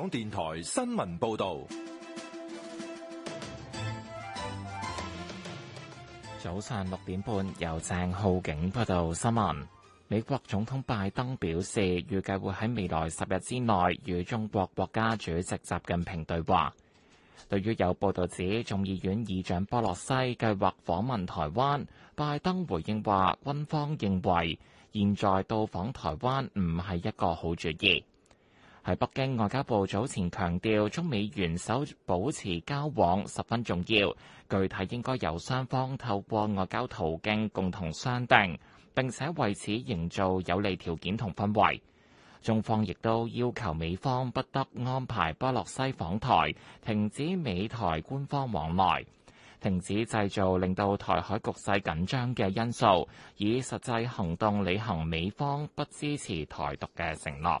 港電台新聞報道，早上六點半，由鄭浩景報道新聞。美國總統拜登表示，預計會喺未來十日之內與中國國家主席習近平對話。對於有報道指眾議院議長波洛西計劃訪問台灣，拜登回應話：軍方認為現在到訪台灣唔係一個好主意。喺北京外交部早前強調，中美元首保持交往十分重要，具體應該由雙方透過外交途徑共同商定，並且為此營造有利條件同氛圍。中方亦都要求美方不得安排波洛西訪台，停止美台官方往來，停止製造令到台海局勢緊張嘅因素，以實際行動履行美方不支持台獨嘅承諾。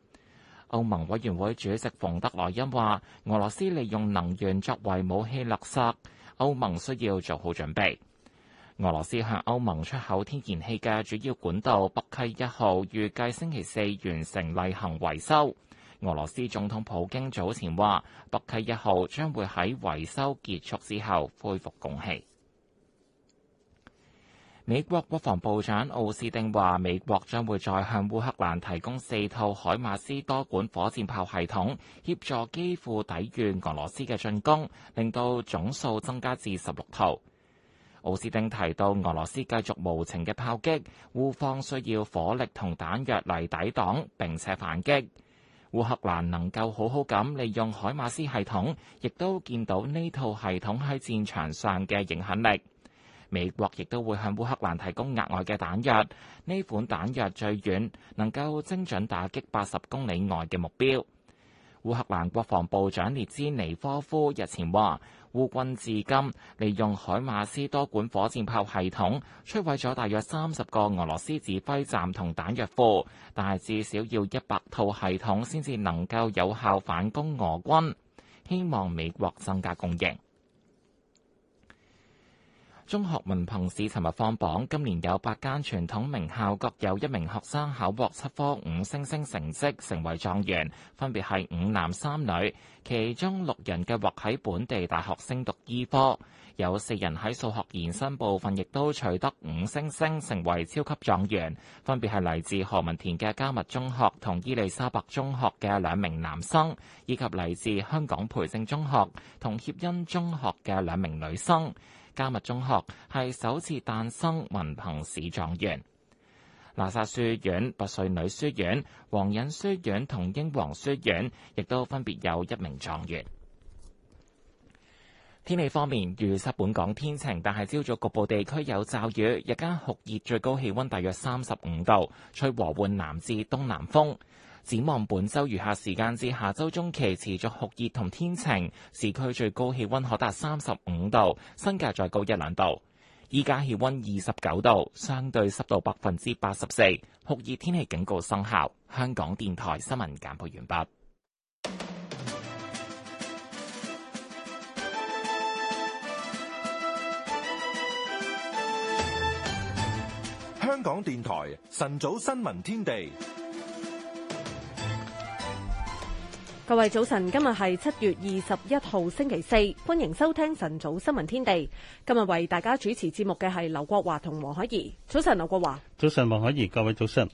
歐盟委員會主席馮德萊恩話：俄羅斯利用能源作為武器勒索，歐盟需要做好準備。俄羅斯向歐盟出口天然氣嘅主要管道北溪一號，預計星期四完成例行維修。俄羅斯總統普京早前話，北溪一號將會喺維修結束之後恢復供氣。美國國防部長奧斯丁話：美國將會再向烏克蘭提供四套海馬斯多管火箭炮系統，協助基輔抵禦俄羅斯嘅進攻，令到總數增加至十六套。奧斯丁提到，俄羅斯繼續無情嘅炮擊，烏方需要火力同彈藥嚟抵擋並且反擊。烏克蘭能夠好好咁利用海馬斯系統，亦都見到呢套系統喺戰場上嘅影響力。美國亦都會向烏克蘭提供額外嘅彈藥，呢款彈藥最遠能夠精準打擊八十公里外嘅目標。烏克蘭國防部長列茲尼科夫日前話，烏軍至今利用海馬斯多管火箭炮系統摧毀咗大約三十個俄羅斯指揮站同彈藥庫，但係至少要一百套系統先至能夠有效反攻俄軍，希望美國增加供應。中學文憑試尋日放榜，今年有八間傳統名校各有一名學生考獲七科五星星成績，成為狀元，分別係五男三女。其中六人計劃喺本地大學升讀醫科，有四人喺數學延伸部分亦都取得五星星，成為超級狀元，分別係嚟自何文田嘅迦密中學同伊利沙伯中學嘅兩名男生，以及嚟自香港培正中學同協恩中學嘅兩名女生。加密中學係首次誕生文憑試狀元，喇沙書院、拔萃女書院、皇仁書院同英皇書院亦都分別有一名狀元。天氣方面，預測本港天晴，但係朝早局部地區有驟雨，日間酷熱，最高氣溫大約三十五度，吹和緩南至東南風。展望本周餘下時間至下周中期持續酷熱同天晴，市區最高氣溫可達三十五度，新界再高一兩度。依家氣溫二十九度，相對濕度百分之八十四，酷熱天氣警告生效。香港電台新聞簡報完畢。香港電台晨早新聞天地。各位早晨，今日係七月二十一號星期四，歡迎收聽晨早新聞天地。今日為大家主持節目嘅係劉國華同黃海怡。早晨，劉國華。早晨，黃海怡。各位早晨。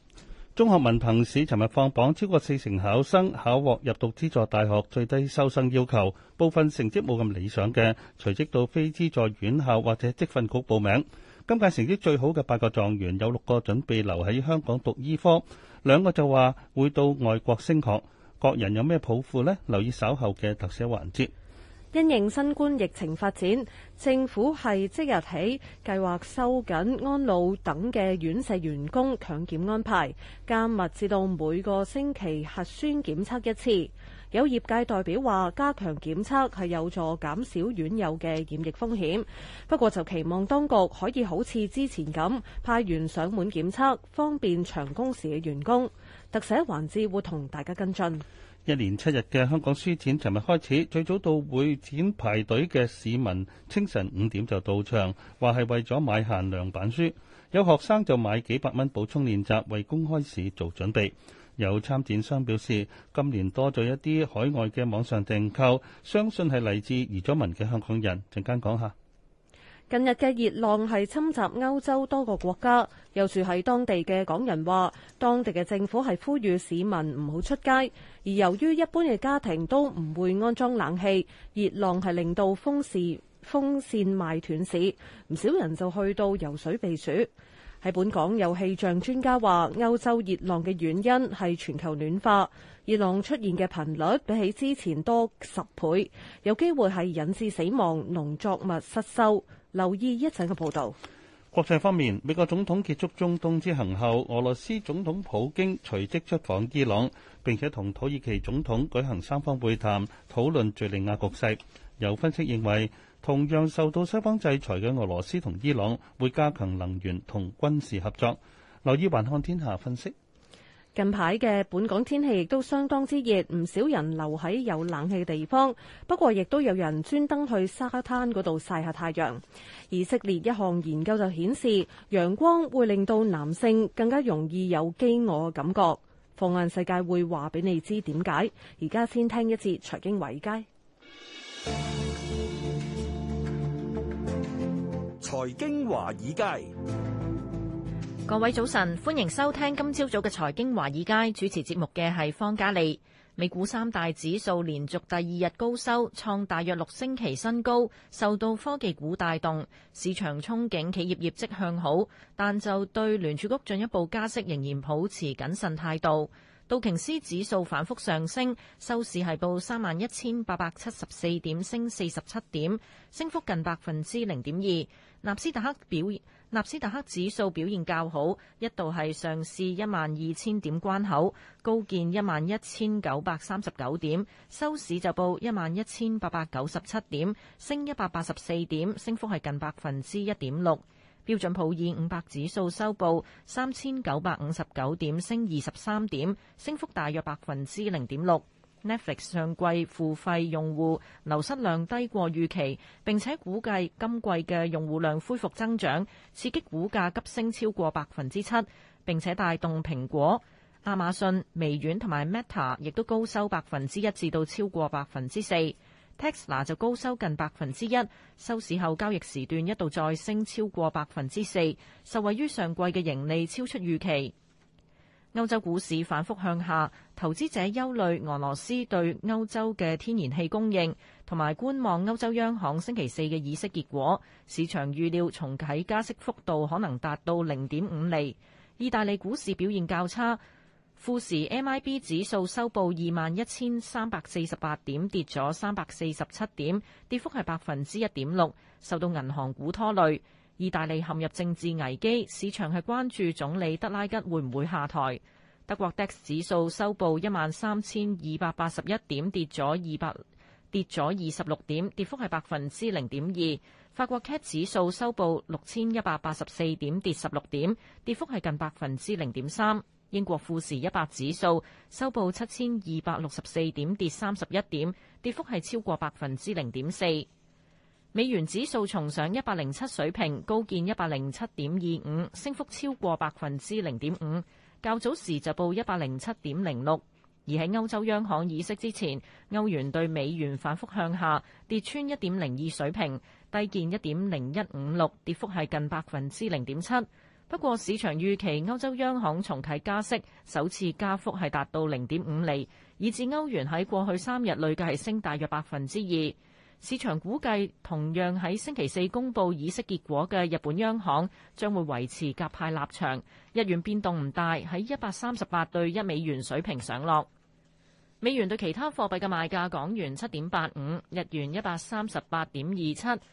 中學文憑試尋日放榜，超過四成考生考獲入讀資助大學最低收生要求，部分成績冇咁理想嘅，隨即到非資助院校或者職訓局報名。今屆成績最好嘅八個狀元，有六個準備留喺香港讀醫科，兩個就話會到外國升學。各人有咩抱負呢？留意稍後嘅特寫環節。因應新冠疫情發展，政府係即日起計劃收緊安老等嘅院舍員工強檢安排，加密至到每個星期核酸檢測一次。有業界代表話，加強檢測係有助減少院友嘅染疫風險。不過就期望當局可以好似之前咁派員上門檢測，方便長工時嘅員工。特寫環節會同大家跟進。一連七日嘅香港書展，尋日開始，最早到會展排隊嘅市民，清晨五點就到場，話係為咗買限量版書。有學生就買幾百蚊補充練習，為公開試做準備。有參展商表示，今年多咗一啲海外嘅網上訂購，相信係嚟自移咗民嘅香港人。陣間講下。近日嘅熱浪係侵襲歐洲多個國家，有住喺當地嘅港人話，當地嘅政府係呼籲市民唔好出街。而由於一般嘅家庭都唔會安裝冷氣，熱浪係令到風扇風扇賣斷市，唔少人就去到游水避暑。喺本港有氣象專家話，歐洲熱浪嘅原因係全球暖化，熱浪出現嘅頻率比起之前多十倍，有機會係引致死亡、農作物失收。留意一陣嘅報道。國際方面，美國總統結束中東之行後，俄羅斯總統普京隨即出訪伊朗，並且同土耳其總統舉行三方會談，討論敘利亞局勢。有分析認為，同樣受到西方制裁嘅俄羅斯同伊朗會加強能源同軍事合作。留意《環看天下》分析。近排嘅本港天氣亦都相當之熱，唔少人留喺有冷氣嘅地方。不過亦都有人專登去沙灘嗰度晒下太陽。以色列一項研究就顯示，陽光會令到男性更加容易有飢餓嘅感覺。放眼世界會話俾你知點解？而家先聽一次財經華爾街，財經華爾街。財經華爾街各位早晨，歡迎收聽今朝早嘅財經華爾街。主持節目嘅係方嘉利。美股三大指數連續第二日高收，創大約六星期新高，受到科技股帶動，市場憧憬企業業績向好，但就對聯儲局進一步加息仍然保持謹慎態度。道瓊斯指數反復上升，收市係報三萬一千八百七十四點，升四十七點，升幅近百分之零點二。納斯達克表納斯達克指數表現較好，一度係上試一萬二千點關口，高見一萬一千九百三十九點，收市就報一萬一千八百九十七點，升一百八十四點，升幅係近百分之一點六。標準普爾五百指數收報三千九百五十九點，升二十三點，升幅大約百分之零點六。Netflix 上季付費用戶流失量低過預期，並且估計今季嘅用戶量恢復增長，刺激股價急升超過百分之七，並且帶動蘋果、亞馬遜、微軟同埋 Meta 亦都高收百分之一至到超過百分之四。Tesla 就高收近百分之一，收市後交易時段一度再升超過百分之四，受惠於上季嘅盈利超出預期。歐洲股市反覆向下，投資者憂慮俄羅斯對歐洲嘅天然氣供應，同埋觀望歐洲央行星期四嘅議息結果。市場預料重啟加息幅度可能達到零點五厘。意大利股市表現較差，富時 MIB 指數收報二萬一千三百四十八點，跌咗三百四十七點，跌幅係百分之一點六，受到銀行股拖累。意大利陷入政治危機，市場係關注總理德拉吉會唔會下台。德國 DAX 指數收報一萬三千二百八十一點，跌咗二百，跌咗二十六點，跌幅係百分之零點二。法國 CAC 指數收報六千一百八十四點，跌十六點，跌幅係近百分之零點三。英國富時一百指數收報七千二百六十四點，跌三十一點，跌幅係超過百分之零點四。美元指數重上一百零七水平，高見一百零七點二五，升幅超過百分之零點五。較早時就報一百零七點零六。而喺歐洲央行議息之前，歐元對美元反覆向下，跌穿一點零二水平，低見一點零一五六，跌幅係近百分之零點七。不過市場預期歐洲央行重啟加息，首次加幅係達到零點五厘，以至歐元喺過去三日累計係升大約百分之二。市場估計同樣喺星期四公佈議息結果嘅日本央行將會維持鴿派立場，日元變動唔大，喺一百三十八對一美元水平上落。美元對其他貨幣嘅賣價：港元七點八五，日元一百三十八點二七，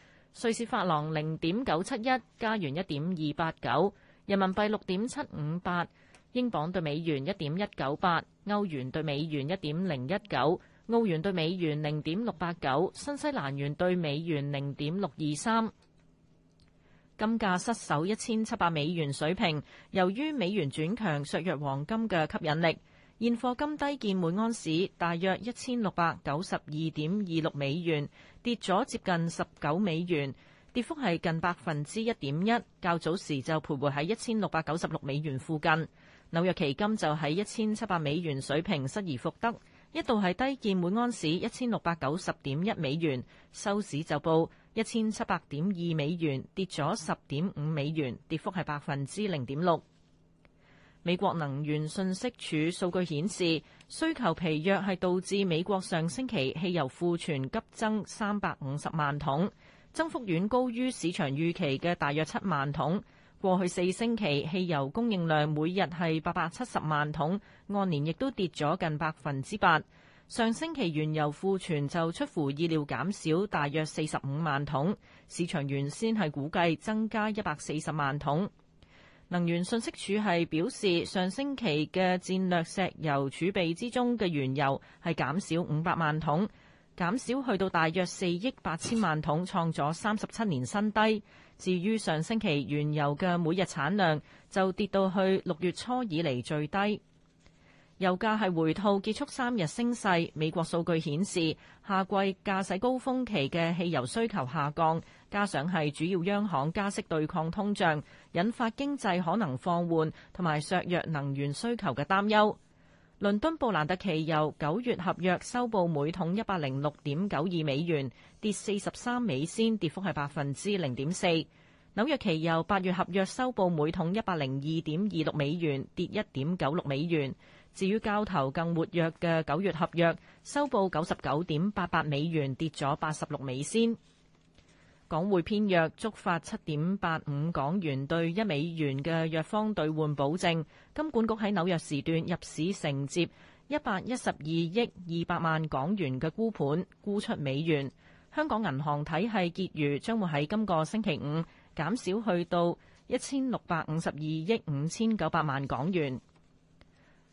瑞士法郎零點九七一，加元一點二八九，人民幣六點七五八，英鎊對美元一點一九八，歐元對美元一點零一九。澳元兌美元零點六八九，新西蘭元兌美元零點六二三。金價失守一千七百美元水平，由於美元轉強削弱黃金嘅吸引力，現貨金低見每盎司大約一千六百九十二點二六美元，跌咗接近十九美元，跌幅係近百分之一點一。較早時就徘徊喺一千六百九十六美元附近。紐約期金就喺一千七百美元水平失而復得。一度係低見每安士一千六百九十點一美元，收市就報一千七百點二美元，跌咗十點五美元，跌幅係百分之零點六。美國能源信息署數據顯示，需求疲弱係導致美國上星期汽油庫存急增三百五十萬桶，增幅遠高於市場預期嘅大約七萬桶。過去四星期，汽油供應量每日係八百七十萬桶，按年亦都跌咗近百分之八。上星期原油庫存就出乎意料減少大約四十五萬桶，市場原先係估計增加一百四十萬桶。能源信息署係表示，上星期嘅戰略石油儲備之中嘅原油係減少五百萬桶，減少去到大約四億八千萬桶，創咗三十七年新低。至於上星期原油嘅每日產量就跌到去六月初以嚟最低，油價係回吐結束三日升勢。美國數據顯示，夏季駕駛高峰期嘅汽油需求下降，加上係主要央行加息對抗通脹，引發經濟可能放緩，同埋削弱能源需求嘅擔憂。倫敦布蘭特期油九月合約收報每桶一百零六點九二美元，跌四十三美仙，跌幅係百分之零點四。紐約期油八月合約收報每桶一百零二點二六美元，跌一點九六美元。至於交投更活躍嘅九月合約，收報九十九點八八美元，跌咗八十六美仙。港匯偏弱，觸發7.85港元對一美元嘅弱方兌換保證。金管局喺紐約時段入市承接112億200萬港元嘅沽盤，沽出美元。香港銀行體系結餘將會喺今個星期五減少去到一千六百五十二億五千九百萬港元。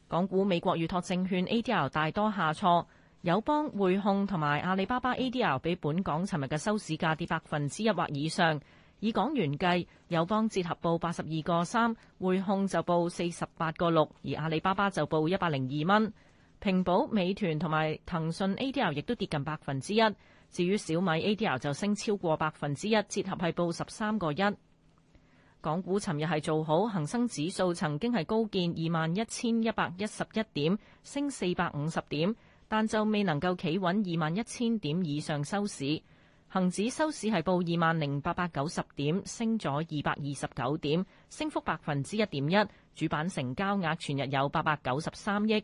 港股美國預託證券 ADR 大多下挫。友邦、匯控同埋阿里巴巴 A.D.R. 比本港尋日嘅收市價跌百分之一或以上。以港元計，友邦折合報八十二個三，匯控就報四十八個六，而阿里巴巴就報一百零二蚊。平保、美團同埋騰訊 A.D.R. 亦都跌近百分之一。至於小米 A.D.R. 就升超過百分之一，折合係報十三個一。港股尋日係做好，恒生指數曾經係高見二萬一千一百一十一點，升四百五十點。但就未能夠企穩二萬一千點以上收市，恒指收市係報二萬零八百九十點，升咗二百二十九點，升幅百分之一點一。主板成交額全日有八百九十三億。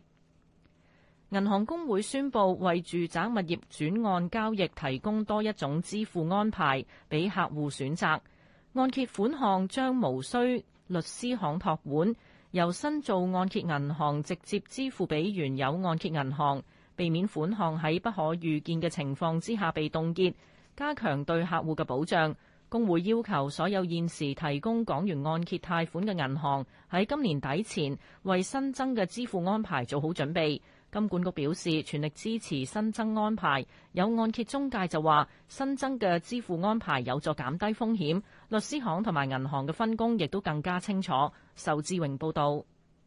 銀行公會宣布為住宅物業轉按交易提供多一種支付安排，俾客戶選擇，按揭款項將無需律師行託管，由新造按揭銀行直接支付俾原有按揭銀行。避免款項喺不可預見嘅情況之下被凍結，加強對客戶嘅保障。公會要求所有現時提供港元按揭貸款嘅銀行喺今年底前為新增嘅支付安排做好準備。金管局表示全力支持新增安排。有按揭中介就話新增嘅支付安排有助減低風險。律師行同埋銀行嘅分工亦都更加清楚。仇志榮報導。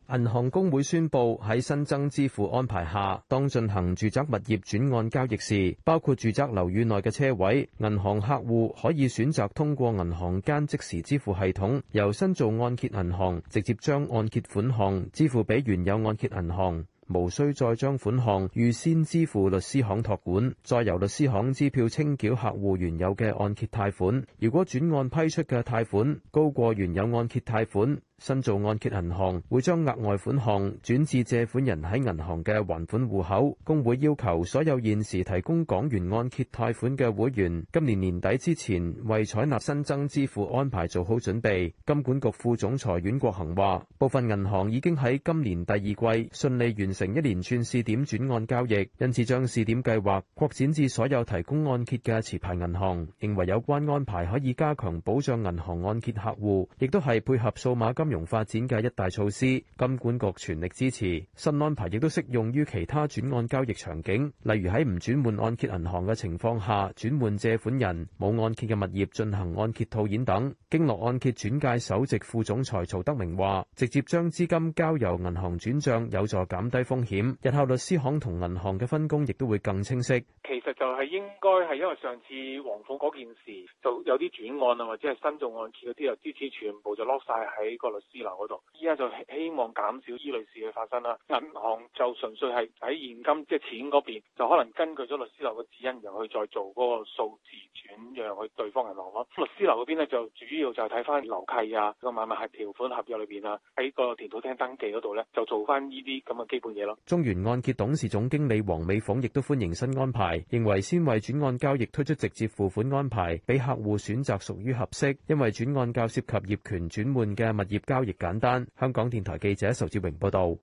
銀行公會宣布喺新增支付安排下，當進行住宅物業轉按交易時，包括住宅樓宇內嘅車位，銀行客戶可以選擇通過銀行間即時支付系統，由新造按揭銀行直接將按揭款項支付俾原有按揭銀行，無需再將款項預先支付律師行託管，再由律師行支票清繳客戶原有嘅按揭貸款。如果轉按批出嘅貸款高過原有按揭貸款，新造按揭銀行會將額外款項轉至借款人喺銀行嘅還款戶口。公會要求所有現時提供港元按揭貸款嘅會員今年年底之前為採納新增支付安排做好準備，金管局副總裁阮國恒話部分銀行已經喺今年第二季順利完成一連串試點轉案交易，因此將試點計劃擴展至所有提供按揭嘅持牌銀行。認為有關安排可以加強保障銀行按揭客戶，亦都係配合數碼金。融發展嘅一大措施，金管局全力支持。新安排亦都適用於其他轉按交易場景，例如喺唔轉換按揭銀行嘅情況下，轉換借款人冇按揭嘅物業進行按揭套現等。經絡按揭轉介首席副總裁曹德明話，直接將資金交由銀行轉賬有助減低風險，日後律師行同銀行嘅分工亦都會更清晰。其實就係應該，係因為上次黃鳳嗰件事，就有啲轉案啊，或者係新做按揭嗰啲，啊支持全部就 l o 喺個律。私樓嗰度，依家就希望減少依類事嘅發生啦。銀行就純粹係喺現金，即係錢嗰邊，就可能根據咗律師樓嘅指引，然後去再做嗰個數字轉讓去對方銀行咯。律師樓嗰邊咧就主要就係睇翻樓契啊，個買賣合同條款合約裏邊啊，喺個電腦廳登記嗰度咧就做翻呢啲咁嘅基本嘢咯。中原按揭董事總經理黃美鳳亦都歡迎新安排，認為先為轉按交易推出直接付款安排，俾客戶選擇屬於合適，因為轉按較涉及業權轉換嘅物業。 交易簡單。香港電台記者仇志榮報導。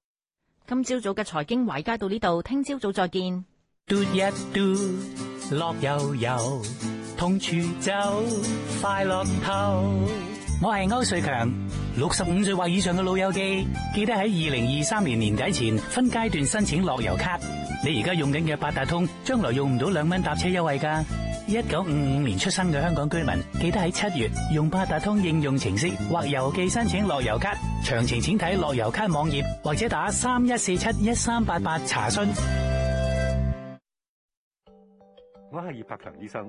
今朝早嘅財經維佳到呢度，聽朝早再見。嘟一嘟，樂悠悠，同處就快樂透。我係歐瑞強。六十五歲或以上嘅老友記，記得喺二零二三年年底前分階段申請樂悠卡。你而家用緊嘅八達通，將來用唔到兩蚊搭車優惠㗎。一九五五年出生嘅香港居民，記得喺七月用八達通應用程式或郵寄申請樂悠卡。詳情請睇樂悠卡網頁或者打三一四七一三八八查詢。我係葉柏強醫生。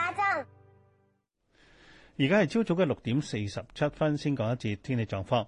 而家係朝早嘅六點四十七分，先講一節天氣狀況。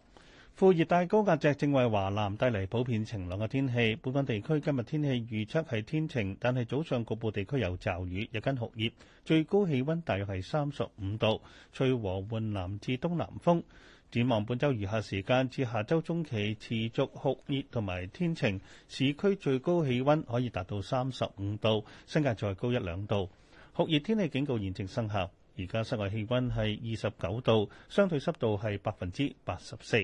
副熱帶高壓脊正為華南帶嚟普遍晴朗嘅天氣。本港地區今日天氣預測係天晴，但係早上局部地區有驟雨，日間酷熱，最高氣温大約係三十五度，吹和緩南至東南風。展望本周餘下時間至下周中期，持續酷熱同埋天晴，市區最高氣温可以達到三十五度，新界再高一兩度。酷熱天氣警告現正生效。而家室外氣溫係二十九度，相對濕度係百分之八十四。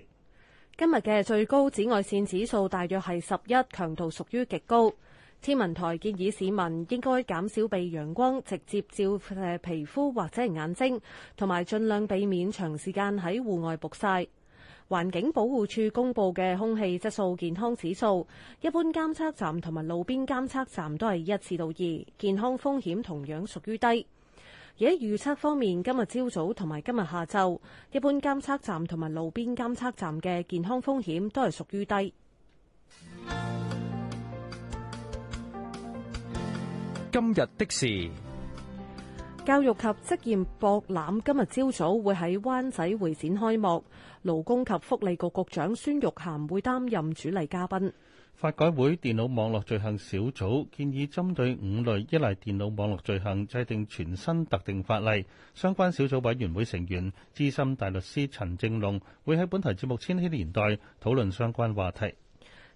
今日嘅最高紫外線指數大約係十一，強度屬於極高。天文台建議市民應該減少被陽光直接照射皮膚或者眼睛，同埋盡量避免長時間喺戶外曝曬。環境保護處公布嘅空氣質素健康指數，一般監測站同埋路邊監測站都係一至到二，健康風險同樣屬於低。而喺預測方面，今，今日朝早同埋今日下晝，一般監測站同埋路邊監測站嘅健康風險都係屬於低。今日的事，教育及職業博覽今日朝早會喺灣仔會展開幕，勞工及福利局局長孫玉涵會擔任主禮嘉賓。法改會電腦網絡罪行小組建議針對五類依賴電腦網絡罪行制定全新特定法例。相關小組委員會成員、資深大律師陳正龍會喺本台節目《千禧年代》討論相關話題。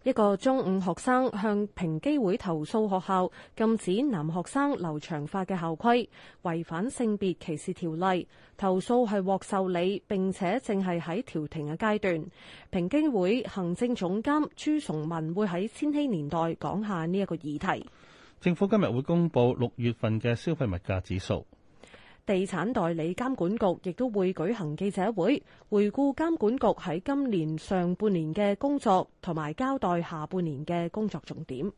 一個中五學生向平機會投訴學校禁止男學生留長髮嘅校規，違反性別歧視條例。投訴係獲受理，並且淨係喺調停嘅階段。平機會行政總監朱崇文會喺千禧年代講下呢一個議題。政府今日會公布六月份嘅消費物價指數。地產代理監管局亦都會舉行記者會，回顧監管局喺今年上半年嘅工作，同埋交代下半年嘅工作重點。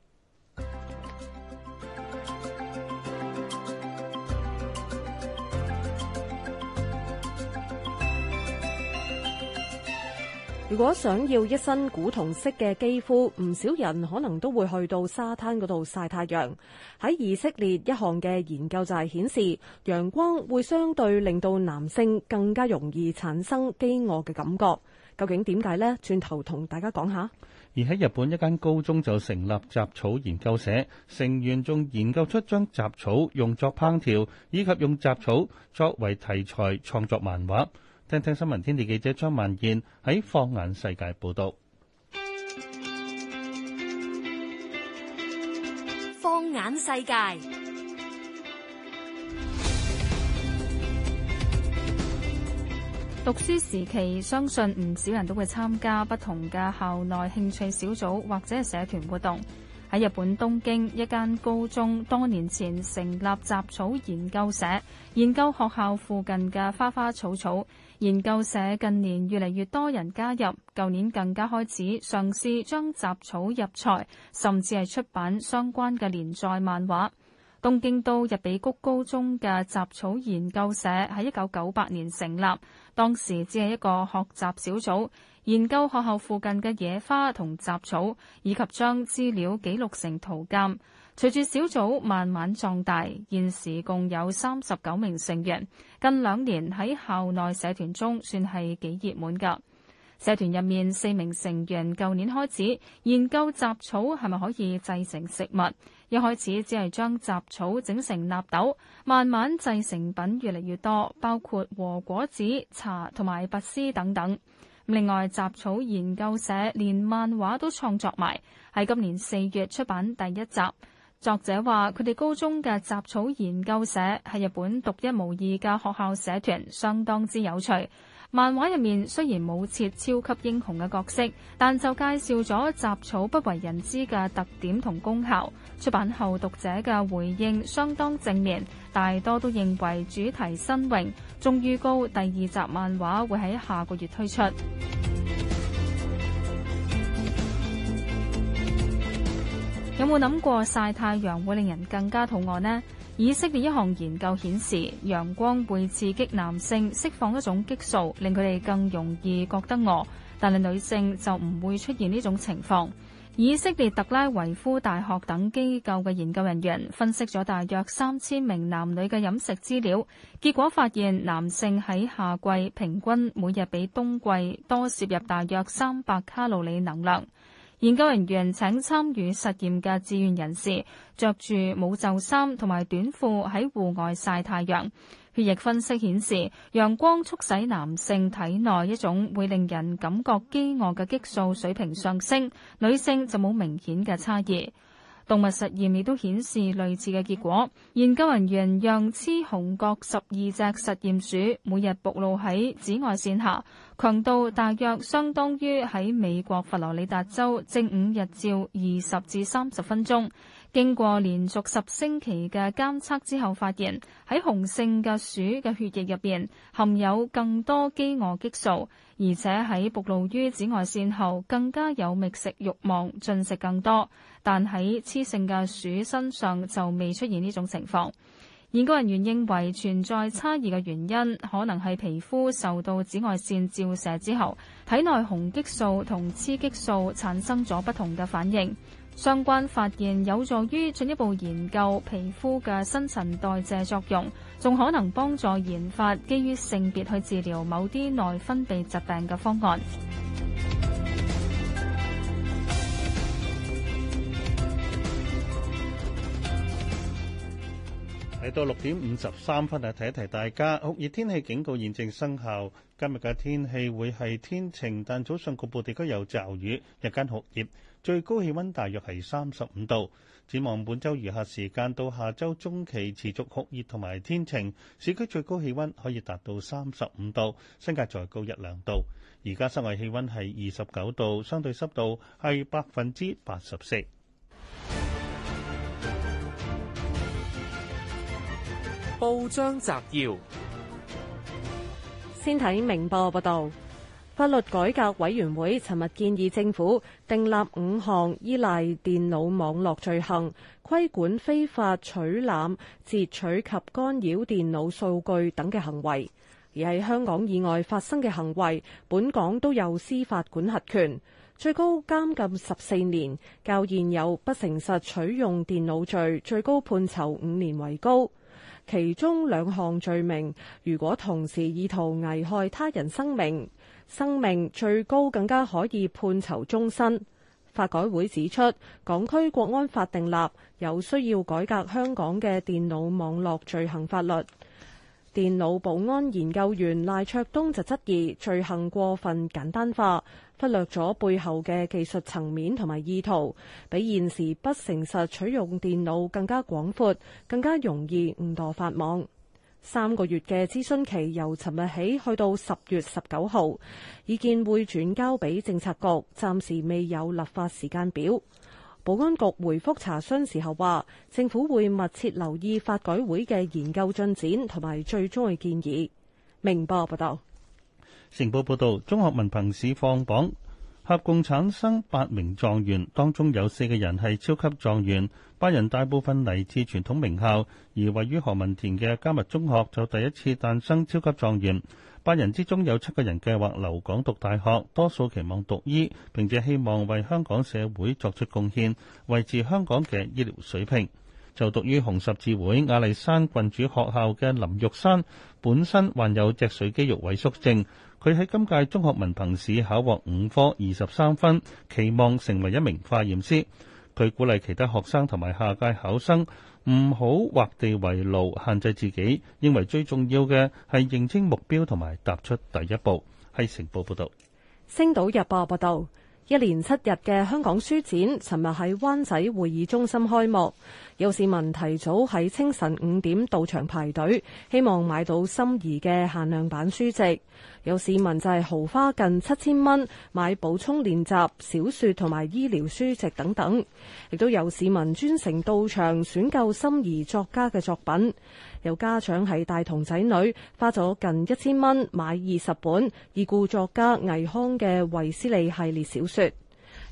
如果想要一身古銅色嘅肌膚，唔少人可能都會去到沙灘嗰度曬太陽。喺以色列一項嘅研究就係顯示，陽光會相對令到男性更加容易產生飢餓嘅感覺。究竟點解咧？轉頭同大家講下。而喺日本一間高中就成立雜草研究社，成員仲研究出將雜草用作烹調，以及用雜草作為題材創作漫畫。聽聽新聞天地記者張曼燕喺《放眼，放眼世界》報道。《放眼世界》讀書時期，相信唔少人都會參加不同嘅校內興趣小組或者係社團活動。喺日本東京一間高中，多年前成立雜草研究社，研究學校附近嘅花花草草。研究社近年越嚟越多人加入，舊年更加開始嘗試將雜草入材，甚至係出版相關嘅連載漫畫。東京都日比谷高中嘅雜草研究社喺一九九八年成立，當時只係一個學習小組，研究學校附近嘅野花同雜草，以及將資料紀錄成圖鑑。隨住小組慢慢壯大，現時共有三十九名成員，近兩年喺校內社團中算係幾熱門㗎。社團入面四名成員，舊年開始研究雜草係咪可以製成食物，一開始只係將雜草整成納豆，慢慢製成品越嚟越多，包括和果子、茶同埋拔絲等等。另外，雜草研究社連漫畫都創作埋，喺今年四月出版第一集。作者話：佢哋高中嘅雜草研究社係日本獨一無二嘅學校社團，相當之有趣。漫畫入面雖然冇設超級英雄嘅角色，但就介紹咗雜草不為人知嘅特點同功效。出版後，讀者嘅回應相當正面，大多都認為主題新穎，仲預告第二集漫畫會喺下個月推出。有冇諗過曬太陽會令人更加肚餓呢？以色列一項研究顯示，陽光會刺激男性釋放一種激素令佢哋更容易覺得餓，但係女性就唔會出現呢種情況。以色列特拉維夫大學等機構嘅研究人員分析咗大約3000名男女嘅飲食資料，結果發現男性喺夏季平均每日比冬季多攝入大約300卡路里能量。研究人員請參與實驗嘅志願人士着住冇袖衫同埋短褲喺戶外曬太陽，血液分析顯示陽光促使男性體內一種會令人感覺飢餓嘅激素水平上升，女性就冇明顯嘅差異。動物實驗亦都顯示類似嘅結果。研究人員讓雌雄各十二隻實驗鼠每日暴露喺紫外線下，強度大約相當於喺美國佛羅里達州正午日照二十至三十分鐘。經過連續十星期嘅監測之後，發現喺雄性嘅鼠嘅血液入邊含有更多飢餓激素，而且喺暴露於紫外線後更加有覓食欲望，進食更多。但喺雌性嘅鼠身上就未出現呢種情況。研究人員認為存在差異嘅原因，可能係皮膚受到紫外線照射之後，體內雄激素同雌激素產生咗不同嘅反應。相關發現有助於進一步研究皮膚嘅新陳代謝作用，仲可能幫助研發基於性別去治療某啲內分泌疾病嘅方案。嚟到六點五十三分啊，提一提大家，酷熱天氣警告現正生效。今日嘅天氣會係天晴，但早上局部地區有驟雨，日間酷熱。最高氣溫大約係三十五度，展望本周餘下時間到下周中期持續酷熱同埋天晴，市區最高氣溫可以達到三十五度，新界再高一兩度。而家室外氣溫係二十九度，相對濕度係百分之八十四。報章摘要，先睇明報報道。法律改革委員會尋日建議政府訂立五項依賴電腦網絡罪行，規管非法取覽、截取及干擾電腦數據等嘅行為。而喺香港以外發生嘅行為，本港都有司法管轄權，最高監禁十四年，較現有不誠實取用電腦罪最高判囚五年為高。其中兩項罪名，如果同時意圖危害他人生命。生命最高更加可以判囚終身。法改會指出，港區國安法定立，有需要改革香港嘅電腦網絡罪行法律。電腦保安研究員賴卓東就質疑罪行過分簡單化，忽略咗背後嘅技術層面同埋意圖，比現時不誠實取用電腦更加廣闊，更加容易誤墮法網。三個月嘅諮詢期由尋日起去到十月十九號，意見會轉交俾政策局，暫時未有立法時間表。保安局回覆查詢時候，話，政府會密切留意法改會嘅研究進展同埋最終嘅建議。明報報道：《成報》報道，中學文憑試放榜。合共產生八名狀元，當中有四個人係超級狀元。八人大部分嚟自傳統名校，而位於何文田嘅迦密中學就第一次誕生超級狀元。八人之中有七個人計劃留港讀大學，多數期望讀醫，並且希望為香港社會作出貢獻，維持香港嘅醫療水平。就讀於紅十字會亞歷山郡主學校嘅林玉山，本身患有脊髓肌肉萎縮症。佢喺今屆中學文憑試考獲五科二十三分，期望成為一名化驗師。佢鼓勵其他學生同埋下屆考生唔好畫地為牢，限制自己。認為最重要嘅係認清目標同埋踏出第一步。係《成報》報道，《星島日報》報道。一連七日嘅香港書展，尋日喺灣仔會議中心開幕，有市民提早喺清晨五點到場排隊，希望買到心儀嘅限量版書籍。有市民就係豪花近七千蚊買補充練習、小說同埋醫療書籍等等，亦都有市民專程到場選購心儀作家嘅作品。有家長係大同仔女花咗近一千蚊買二十本已故作家倪匡嘅《衛斯理》系列小說。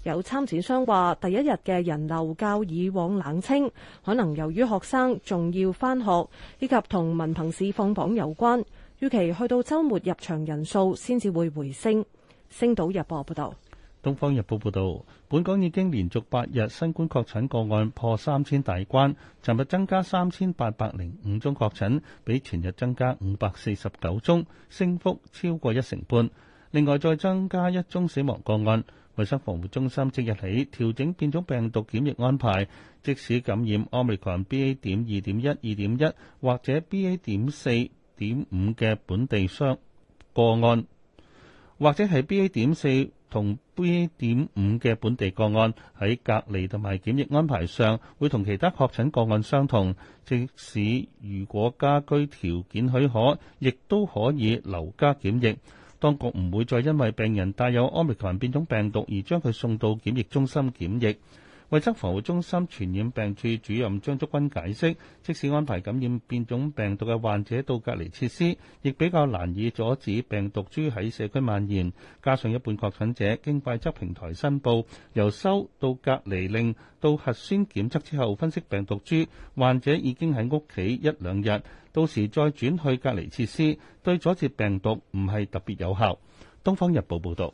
有參展商話：第一日嘅人流較以往冷清，可能由於學生仲要返學，以及同文憑試放榜有關。預期去到週末入場人數先至會回升。星島日報報道。《東方日報》報導，本港已經連續八日新冠確診個案破三千大關，尋日增加三千八百零五宗確診，比前日增加五百四十九宗，升幅超過一成半。另外再增加一宗死亡個案。衞生防護中心即日起調整變種病毒檢疫安排，即使感染 Omicron B A 點二點一、二點一或者 B A 點四點五嘅本地雙個案，或者係 B A 點四同。B.5 嘅本地個案喺隔離同埋檢疫安排上，會同其他確診個案相同。即使如果家居條件許可，亦都可以留家檢疫。當局唔會再因為病人帶有奧密克戎變種病毒而將佢送到檢疫中心檢疫。衞生防護中心傳染病處主任張竹君解釋，即使安排感染變種病毒嘅患者到隔離設施，亦比較難以阻止病毒株喺社區蔓延。加上一半確診者經快測平台申報，由收到隔離令到核酸檢測之後分析病毒株，患者已經喺屋企一兩日，到時再轉去隔離設施，對阻截病毒唔係特別有效。《東方日報》報道，《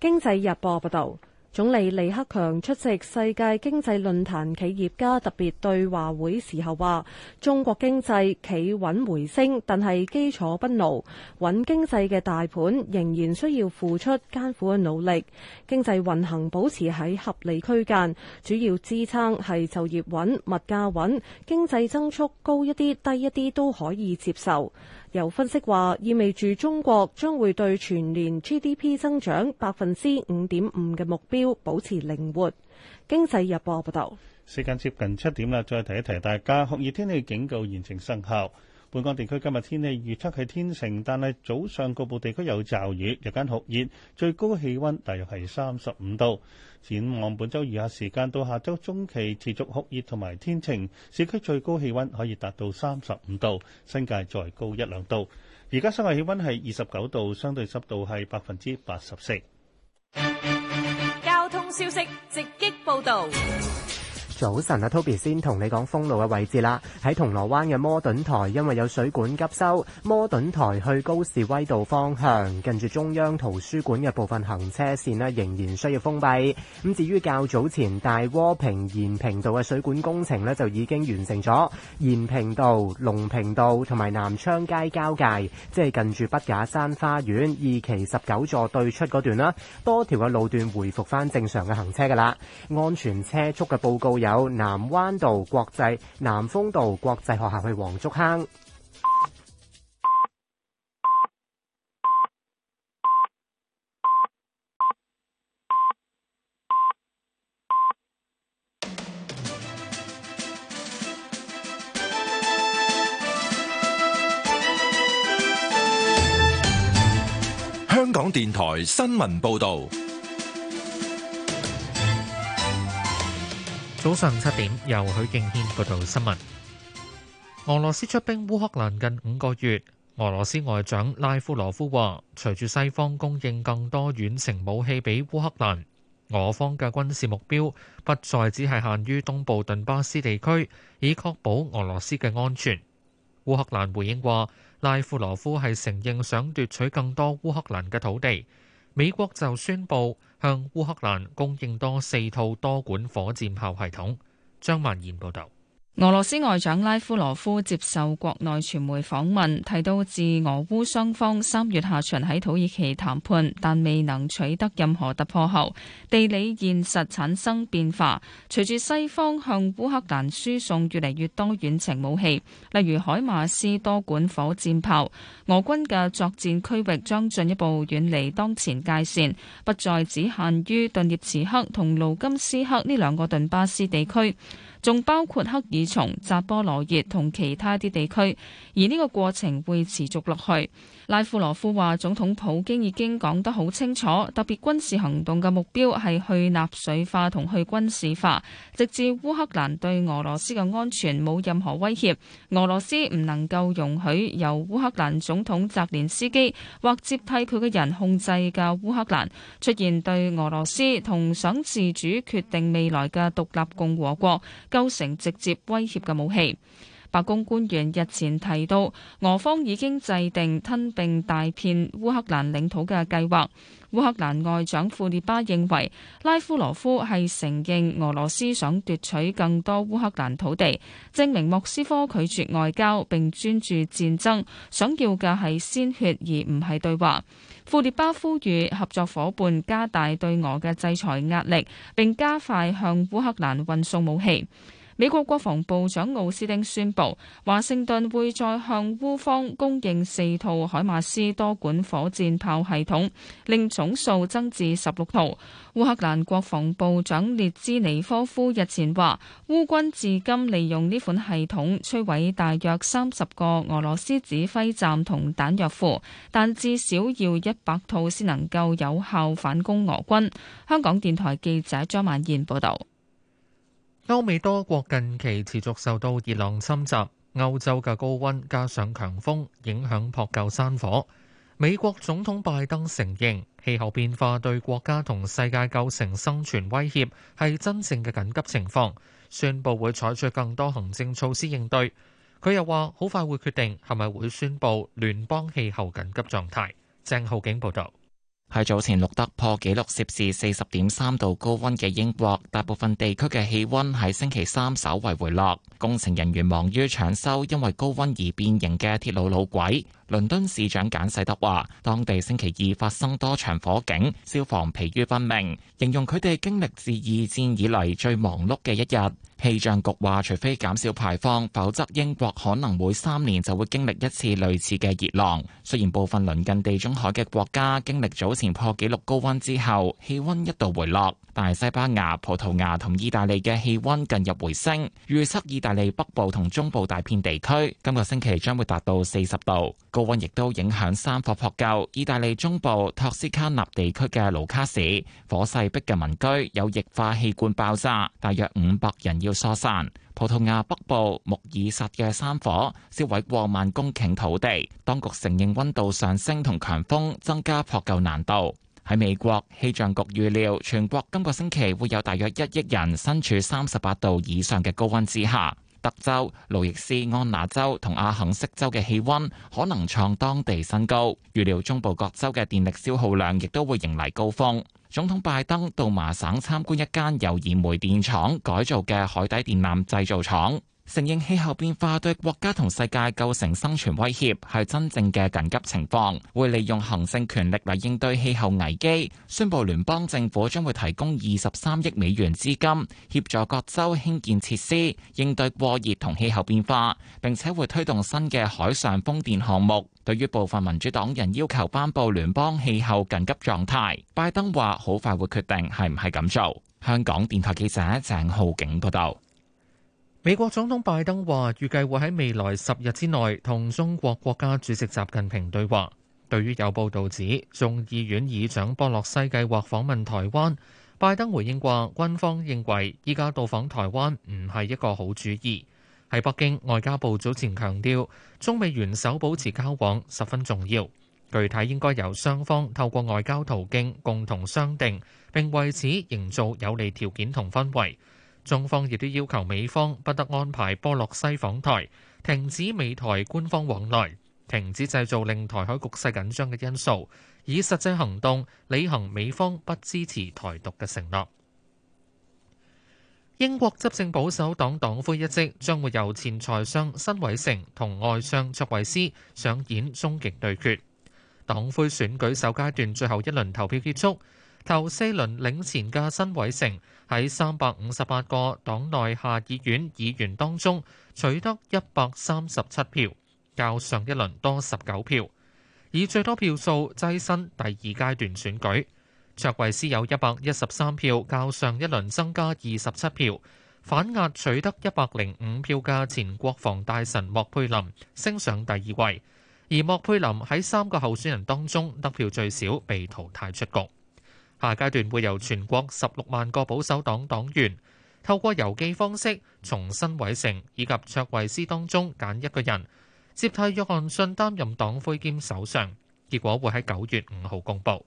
經濟日報》報道。總理李克強出席世界經濟論壇企業家特別對話會時候話，中國經濟企穩回升，但係基礎不牢，穩經濟嘅大盤仍然需要付出艱苦嘅努力。經濟運行保持喺合理區間，主要支撐係就業穩、物價穩，經濟增速高一啲、低一啲都可以接受。有分析話，意味住中國將會對全年 GDP 增長百分之五點五嘅目標保持靈活。經濟日報報道。時間接近七點啦，再提一提大家酷熱天氣警告現正生效。本港地區今日天氣預測係天晴，但係早上局部地區有驟雨，日間酷熱，最高氣温大約係三十五度。展望本週餘下時間到下週中期持續酷熱同埋天晴，市區最高氣温可以達到三十五度，新界再高一兩度。而家室外氣温係二十九度，相對濕度係百分之八十四。交通消息，直擊報導。早晨啊，Toby 先同你講封路嘅位置啦。喺銅鑼灣嘅摩頓台，因為有水管急修，摩頓台去高士威道方向，近住中央圖書館嘅部分行車線咧，仍然需要封閉。咁至於較早前大窩坪延平道嘅水管工程咧，就已經完成咗。延平道、龍平道同埋南昌街交界，即係近住畢架山花園二期十九座對出嗰段啦，多條嘅路段回復翻正常嘅行車噶啦，安全車速嘅報告有，有南灣道國際、南豐道國際學校去黃竹坑。香港電台新聞報道。早上七點，由許敬軒報道新聞。俄羅斯出兵烏克蘭近五個月，俄羅斯外長拉夫羅夫話，隨住西方供應更多遠程武器俾烏克蘭，俄方嘅軍事目標不再只係限於東部頓巴斯地區，以確保俄羅斯嘅安全。烏克蘭回應話，拉夫羅夫係承認想奪取更多烏克蘭嘅土地。美國就宣布向烏克蘭供應多四套多管火箭炮系統。張萬賢報道。俄羅斯外長拉夫羅夫接受國內傳媒訪問，提到自俄烏雙方三月下旬喺土耳其談判，但未能取得任何突破後，地理現實產生變化。隨住西方向烏克蘭輸送越嚟越多遠程武器，例如海馬斯多管火箭炮，俄軍嘅作戰區域將進一步遠離當前界線，不再只限於頓涅茨克同盧甘斯克呢兩個頓巴斯地區，仲包括克爾。從扎波羅熱同其他啲地區，而呢個過程會持續落去。拉夫羅夫話：總統普京已經講得好清楚，特別軍事行動嘅目標係去納粹化同去軍事化，直至烏克蘭對俄羅斯嘅安全冇任何威脅。俄羅斯唔能夠容許由烏克蘭總統澤連斯基或接替佢嘅人控制嘅烏克蘭出現對俄羅斯同想自主決定未來嘅獨立共和國構成直接威脅嘅武器。白宮官員日前提到，俄方已經制定吞併大片烏克蘭領土嘅計劃。烏克蘭外長庫列巴認為，拉夫羅夫係承認俄羅斯想奪取更多烏克蘭土地，證明莫斯科拒絕外交並專注戰爭，想要嘅係鮮血而唔係對話。庫列巴呼籲合作伙伴加大對俄嘅制裁壓力，並加快向烏克蘭運送武器。美國國防部長奧斯丁宣布，華盛頓會再向烏方供應四套海馬斯多管火箭炮系統，令總數增至十六套。烏克蘭國防部長列茲尼科夫日前話，烏軍至今利用呢款系統摧毀大約三十個俄羅斯指揮站同彈藥庫，但至少要一百套先能夠有效反攻俄軍。香港電台記者張萬燕報道。歐美多國近期持續受到熱浪侵襲，歐洲嘅高溫加上強風，影響撲救山火。美國總統拜登承認氣候變化對國家同世界構成生存威脅，係真正嘅緊急情況，宣布會採取更多行政措施應對。佢又話好快會決定係咪會宣布聯邦氣候緊急狀態。鄭浩景報道。喺早前錄得破紀錄攝氏四十點三度高溫嘅英國，大部分地區嘅氣溫喺星期三稍為回落。工程人員忙於搶修因為高溫而變形嘅鐵路路軌。倫敦市長簡世德話，當地星期二發生多場火警，消防疲於奔命，形容佢哋經歷自二戰以嚟最忙碌嘅一日。氣象局話除非減少排放，否則英國可能每三年就會經歷一次類似嘅熱浪。雖然部分鄰近地中海嘅國家經歷早前破紀錄高溫之後氣溫一度回落，但係西班牙、葡萄牙同意大利嘅氣溫近日回升。預測意大利北部同中部大片地區今個星期將會達到四十度高溫，亦都影響山火撲救。意大利中部托斯卡納地區嘅盧卡市火勢逼近民居，有液化氣罐爆炸，大約五百人要要疏散。葡萄牙北部穆爾薩嘅山火燒毀過萬公頃土地，當局承認溫度上升同強風增加撲救難度。喺美國，氣象局預料全國今個星期會有大約一億人身處三十八度以上嘅高溫之下。德州、路易斯安那州同阿肯色州嘅氣溫可能創當地新高。預料中部各州嘅電力消耗量亦都會迎嚟高峰。總統拜登到麻省參觀一間由燃煤電廠改造嘅海底電纜製造廠。承認氣候變化對國家同世界構成生存威脅，係真正嘅緊急情況，會利用行政權力嚟應對氣候危機。宣布聯邦政府將會提供二十三億美元資金，協助各州興建設施，應對過熱同氣候變化，並且會推動新嘅海上風電項目。對於部分民主黨人要求頒布聯邦氣候緊急狀態，拜登話好快會決定係唔係咁做。香港電台記者鄭浩景報道。美國總統拜登話，預計會喺未來十日之內同中國國家主席習近平對話。對於有報道指眾議院議長波洛西計劃訪問台灣，拜登回應話，軍方認為依家到訪台灣唔係一個好主意。喺北京，外交部早前強調，中美元首保持交往十分重要，具體應該由雙方透過外交途徑共同商定，並為此營造有利條件同氛圍。中方亦都要求美方不得安排波洛西訪台，停止美台官方往來，停止製造令台海局勢緊張嘅因素，以實際行動履行美方不支持台獨嘅承諾。英國執政保守黨黨魁一職將會由前財相辛偉成同外相卓慧思上演終極對決，黨魁選舉首階段最後一輪投票結束，頭四輪領前嘅辛偉成，喺三百五十八個黨內下議院議員當中取得一百三十七票，較上一輪多十九票，以最多票數躋身第二階段選舉。卓慧思有一百一十三票，較上一輪增加二十七票。反壓取得一百零五票嘅前國防大臣莫佩林升上第二位，而莫佩林喺三個候選人當中得票最少，被淘汰出局。下階段會由全國十六萬個保守黨黨員透過郵寄方式，辛偉誠以及卓慧思當中揀一個人接替約翰遜擔任黨魁兼首相，結果會喺九月五號公佈。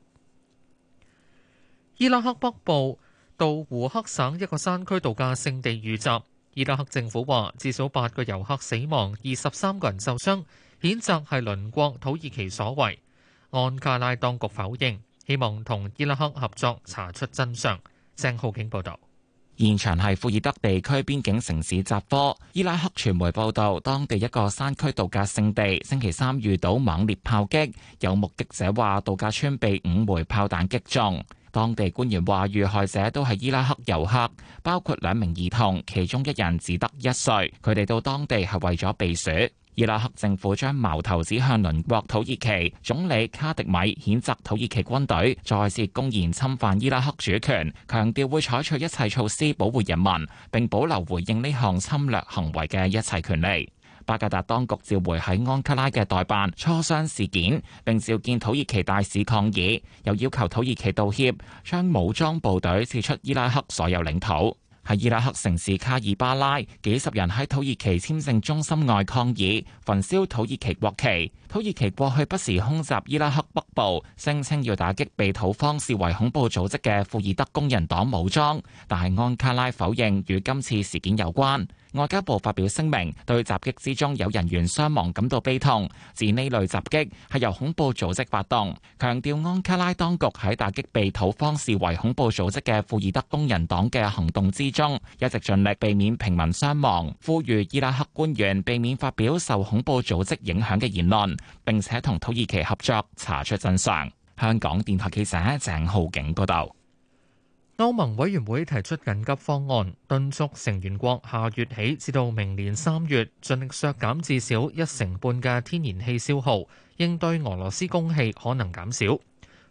伊拉克北部杜胡克省一個山區度假勝地遇襲，伊拉克政府話至少八個遊客死亡，二十三個人受傷，譴責係鄰國土耳其所為，安卡拉當局否認。希望同伊拉克合作查出真相。鄭浩景報道，現場係庫爾德地區邊境城市扎科。伊拉克傳媒報道，當地一個山區度假勝地星期三遇到猛烈炮擊，有目擊者話度假村被五枚炮彈擊中。當地官員話遇害者都係伊拉克遊客，包括兩名兒童，其中一人只得一歲。佢哋到當地係為咗避暑。伊拉克政府將矛頭指向鄰國土耳其，總理卡迪米譴責土耳其軍隊再次公然侵犯伊拉克主權，強調會採取一切措施保護人民，並保留回應呢項侵略行為嘅一切權利。巴格達當局召回喺安卡拉嘅代辦，磋商事件，並召見土耳其大使抗議，又要求土耳其道歉，將武裝部隊撤出伊拉克所有領土。係伊拉克城市卡爾巴拉，幾十人喺土耳其簽證中心外抗議，焚燒土耳其國旗。土耳其過去不時空襲伊拉克北部，聲稱要打擊被土方視為恐怖組織嘅庫爾德工人黨武裝，但係安卡拉否認與今次事件有關。外交部發表聲明，對襲擊之中有人員傷亡感到悲痛，指呢類襲擊係由恐怖組織發動，強調安卡拉當局喺打擊被土方視為恐怖組織嘅庫爾德工人黨嘅行動之中，一直盡力避免平民傷亡，呼籲伊拉克官員避免發表受恐怖組織影響嘅言論。並且同土耳其合作查出真相。香港電台記者鄭浩景報道，歐盟委員會提出緊急方案，敦促成員國下月起至到明年三月，盡力削減至少一成半嘅天然氣消耗，應對俄羅斯供氣可能減少。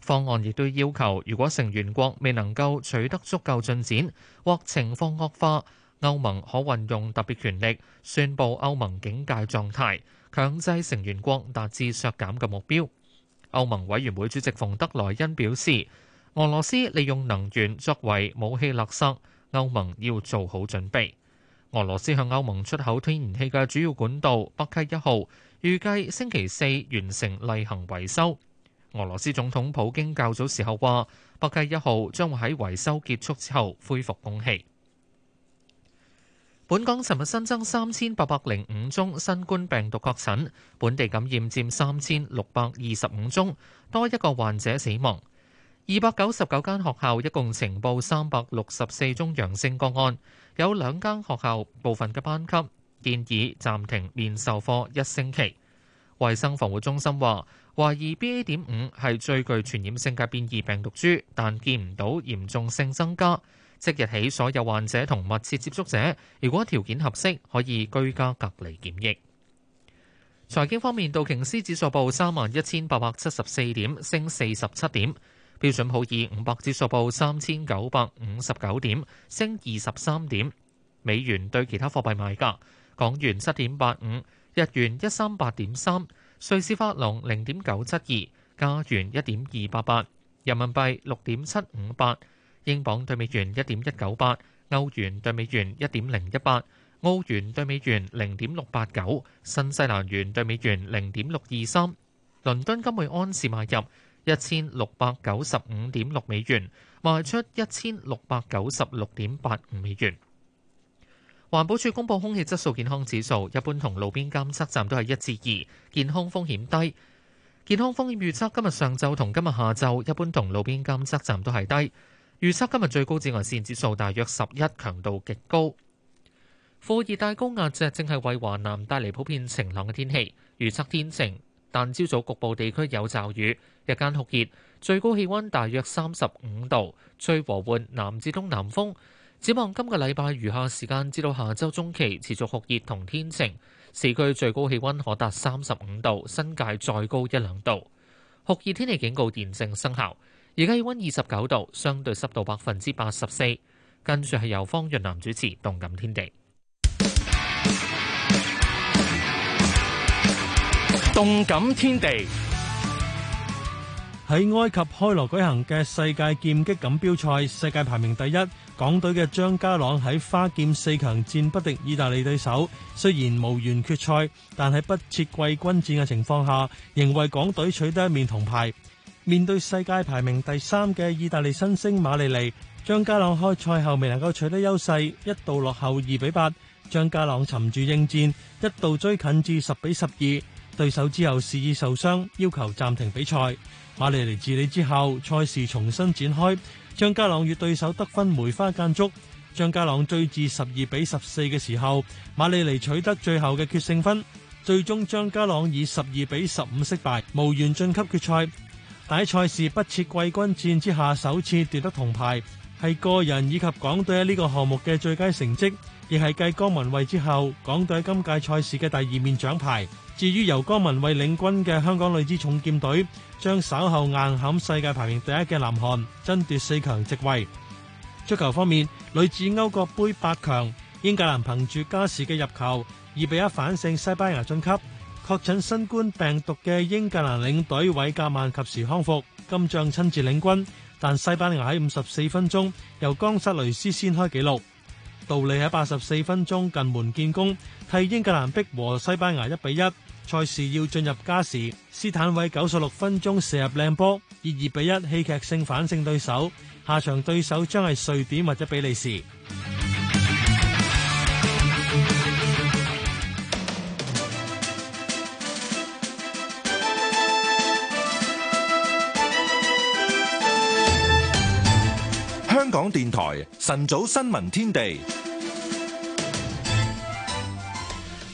方案亦都要求，如果成員國未能夠取得足夠進展或情況惡化，歐盟可運用特別權力宣布歐盟警戒狀態。強制成員國達至削減嘅目標。歐盟委員會主席馮德萊恩表示，俄羅斯利用能源作為武器勒索，歐盟要做好準備。俄羅斯向歐盟出口天然氣嘅主要管道北溪一號，預計星期四完成例行維修。俄羅斯總統普京較早時候話，北溪一號將會喺維修結束之後恢復供氣。本港尋日新增三千八百零五宗新冠病毒確診，本地感染佔三千六百二十五宗，多一個患者死亡。二百九十九間學校一共呈報三百六十四宗陽性個案，有兩間學校部分嘅班級建議暫停面授課一星期。衛生防護中心話，懷疑 BA.5 係最具傳染性嘅變異病毒株，但見唔到嚴重性增加。即日起，所有患者同密切接觸者，如果條件合適，可以居家隔離檢疫。財經方面，道瓊斯指數報三萬一千八百七十四點，升四十七點；標準普爾五百指數報三千九百五十九點，升二十三點。美元對其他貨幣賣價：港元七點八五，日元一三八點三，瑞士法郎零點九七二，加元一點二八八，人民幣六點七五八。英鎊兌美元一點一九八，歐元兌美元一點零一八，澳元兌美元零點六八九，新西蘭元兌美元零點六二三。倫敦金每安士買入一千六百九十五點六美元，賣出一千六百九十六點八五美元。環保署公布空氣質素健康指數，一般同路邊監測站都係一至二，健康風險低。健康風險預測今日上晝同今日下晝，一般同路邊監測站都係低。預測今日最高紫外線指數大約十一，強度極高。副熱帶高壓脊正係為華南帶嚟普遍晴朗嘅天氣，預測天晴，但朝早局部地區有驟雨，日間酷熱，最高氣温大約三十五度，吹和緩南至東南風。展望今個禮拜餘下時間至到下周中期持續酷熱同天晴，市區最高氣温可達三十五度，新界再高一兩度。酷熱天氣警告現正生效。而家氣溫二十九度，相對濕度百分之八十四。跟住係由方潤南主持《動感天地》。《動感天地》喺埃及開羅舉行嘅世界劍擊錦標賽，世界排名第一，港隊嘅張家朗喺花劍四強戰不敵意大利對手，雖然無緣決賽，但喺不設季軍戰嘅情況下，仍為港隊取得一面銅牌。面對世界排名第三嘅意大利新星馬里尼，張家朗開賽後未能夠取得優勢，一度落後二比八。張家朗沉住應戰，一度追近至十比十二。對手之後示意受傷，要求暫停比賽。馬里尼治理之後，賽事重新展開。張家朗與對手得分梅花間竹，張家朗追至十二比十四嘅時候，馬里尼取得最後嘅決勝分，最終張家朗以十二比十五惜敗，無緣晉級決賽。喺賽事不設季軍戰之下，首次奪得銅牌，係個人以及港隊喺呢個項目嘅最佳成績，亦係繼江文蔚之後，港隊喺今屆賽事嘅第二面獎牌。至於由江文蔚領軍嘅香港女子重劍隊，將稍後硬撼世界排名第一嘅南韓，爭奪四強席位。足球方面，女子歐國杯八強，英格蘭憑住加時嘅入球二比一反勝西班牙晉級。確診新冠病毒嘅英格蘭領隊韋格曼及時康復，金將親自領軍，但西班牙喺五十四分鐘由岡薩雷斯先開紀錄，杜利喺八十四分鐘近門建功，替英格蘭逼和西班牙一比一。賽事要進入加時，斯坦偉九十六分鐘射入靚波，以二比一戲劇性反勝對手。下場對手將係瑞典或者比利時。電台晨早新聞天地，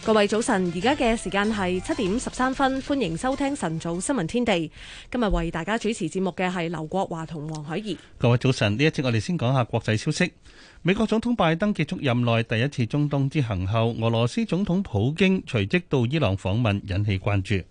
各位早晨，而家嘅時間係七點十三分，歡迎收聽晨早新聞天地。今日為大家主持節目嘅係劉國華同黃海怡。各位早晨，呢一節我哋先講下國際消息。美國總統拜登結束任內第一次中東之行後，俄羅斯總統普京隨即到伊朗訪問，引起關注。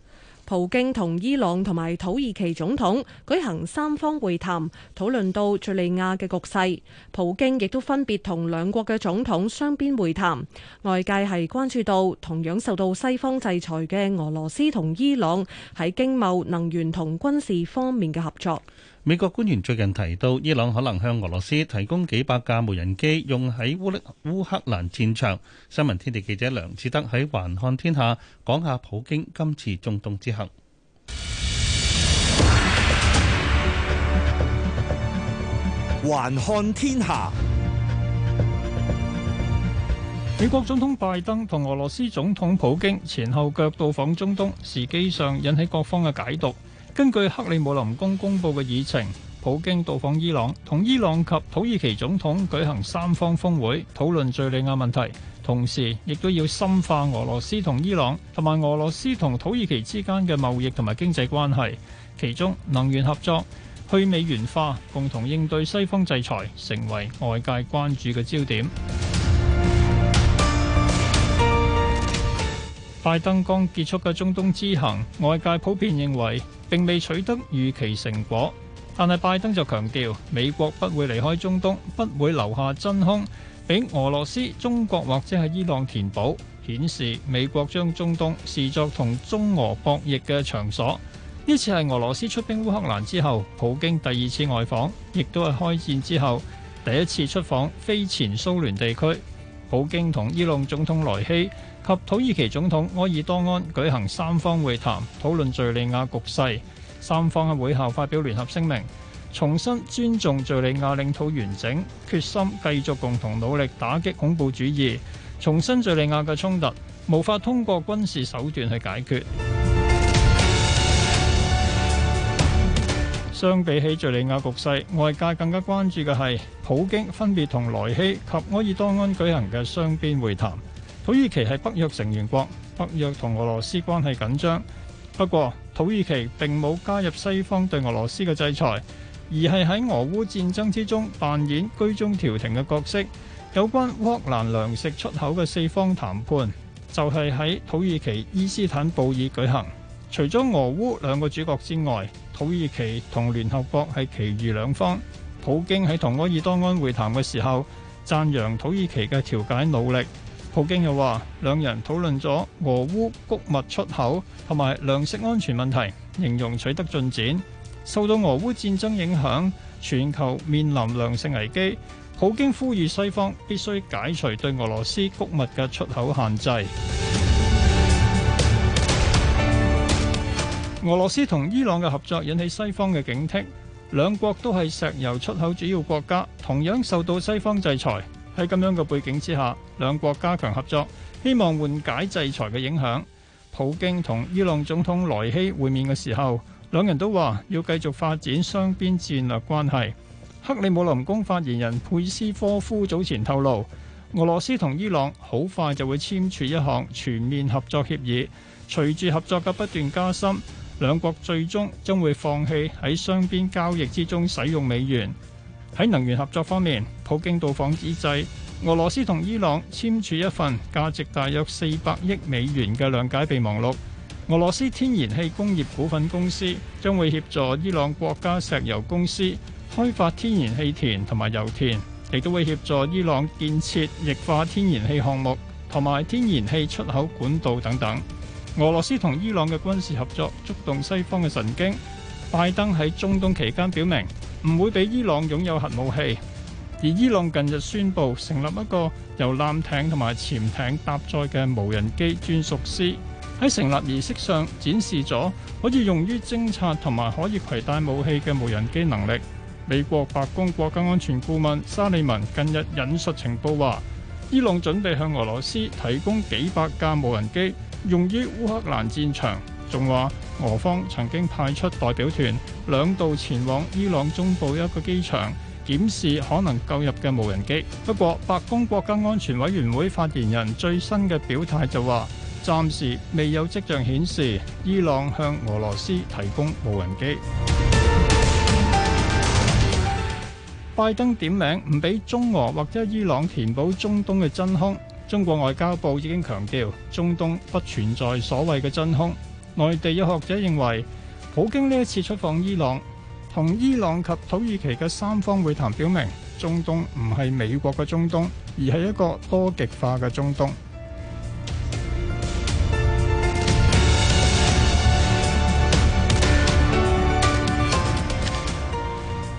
普京同伊朗同埋土耳其總統舉行三方會談，討論到敘利亞嘅局勢。普京亦都分別同兩國嘅總統雙邊會談。外界係關注到同樣受到西方制裁嘅俄羅斯同伊朗喺經貿、能源同軍事方面嘅合作。美國官員最近提到，伊朗可能向俄羅斯提供幾百架無人機，用喺烏克烏克蘭戰場。新聞天地記者梁志德喺《環看天下》講下普京今次中東之行。環看天下，美國總統拜登同俄羅斯總統普京前後腳到訪中東，時機上引起各方嘅解讀。根據克里姆林宮公佈嘅議程，普京到訪伊朗，同伊朗及土耳其總統舉行三方峰會，討論敍利亞問題，同時亦都要深化俄羅斯同伊朗同埋俄羅斯同土耳其之間嘅貿易同埋經濟關係，其中能源合作、去美元化、共同應對西方制裁，成為外界關注嘅焦點。拜登剛結束嘅中東之行，外界普遍認為並未取得預期成果，但係拜登就強調美國不會離開中東，不會留下真空俾俄羅斯、中國或者係伊朗填補，顯示美國將中東視作同中俄博弈嘅場所。呢次係俄羅斯出兵烏克蘭之後，普京第二次外訪，亦都係開戰之後第一次出訪非前蘇聯地區。普京同伊朗總統萊希及土耳其總統埃爾多安舉行三方會談，討論敘利亞局勢。三方喺會後發表聯合聲明，重申尊重敘利亞領土完整，決心繼續共同努力打擊恐怖主義。重申敘利亞嘅衝突無法通過軍事手段去解決。相比起敘利亞局勢，外界更加關注嘅係普京分別同萊希及埃爾多安舉行嘅雙邊會談。土耳其係北約成員國，北約同俄羅斯關係緊張。不過，土耳其並冇加入西方對俄羅斯嘅制裁，而係喺俄烏戰爭之中扮演居中調停嘅角色。有關烏克蘭糧食出口嘅四方談判就係、是、喺土耳其伊斯坦布爾舉行。除咗俄烏兩個主角之外，土耳其同聯合國係其餘兩方。普京喺同埃爾多安會談嘅時候，讚揚土耳其嘅調解努力。普京又話，兩人討論咗俄烏穀物出口同埋糧食安全問題，形容取得進展。受到俄烏戰爭影響，全球面臨糧食危機。普京呼籲西方必須解除對俄羅斯穀物嘅出口限制。俄羅斯同伊朗嘅合作引起西方嘅警惕，兩國都係石油出口主要國家，同樣受到西方制裁。喺咁樣嘅背景之下，兩國加強合作，希望緩解制裁嘅影響。普京同伊朗總統萊希會面嘅時候，兩人都話要繼續發展雙邊戰略關係。克里姆林宮發言人佩斯科夫早前透露，俄羅斯同伊朗好快就會簽署一項全面合作協議，隨住合作嘅不斷加深，兩國最終將會放棄喺雙邊交易之中使用美元。喺能源合作方面，普京到訪之際，俄羅斯同伊朗簽署一份價值大約四百億美元嘅諒解備忘錄，俄羅斯天然氣工業股份公司將會協助伊朗國家石油公司開發天然氣田同埋油田，亦都會協助伊朗建設液化天然氣項目同埋天然氣出口管道等等。俄羅斯同伊朗嘅軍事合作觸動西方嘅神經。拜登喺中東期間表明唔會俾伊朗擁有核武器，而伊朗近日宣布成立一個由艦艇同埋潛艇搭載嘅無人機專屬師，喺成立儀式上展示咗可以用於偵察同埋可以携帶武器嘅無人機能力。美國白宮國家安全顧問沙利文近日引述情報話，伊朗準備向俄羅斯提供幾百架無人機用於烏克蘭戰場。仲話俄方曾經派出代表團兩度前往伊朗中部一個機場檢視可能購入嘅無人機，不過白宮國家安全委員會發言人最新嘅表態就話暫時未有跡象顯示伊朗向俄羅斯提供無人機。拜登點名唔俾中俄或者伊朗填補中東嘅真空。中國外交部已經強調中東不存在所謂嘅真空。內地有學者認為，普京呢次出訪伊朗，同伊朗及土耳其嘅三方會談，表明中東唔係美國嘅中東，而係一個多極化嘅中東。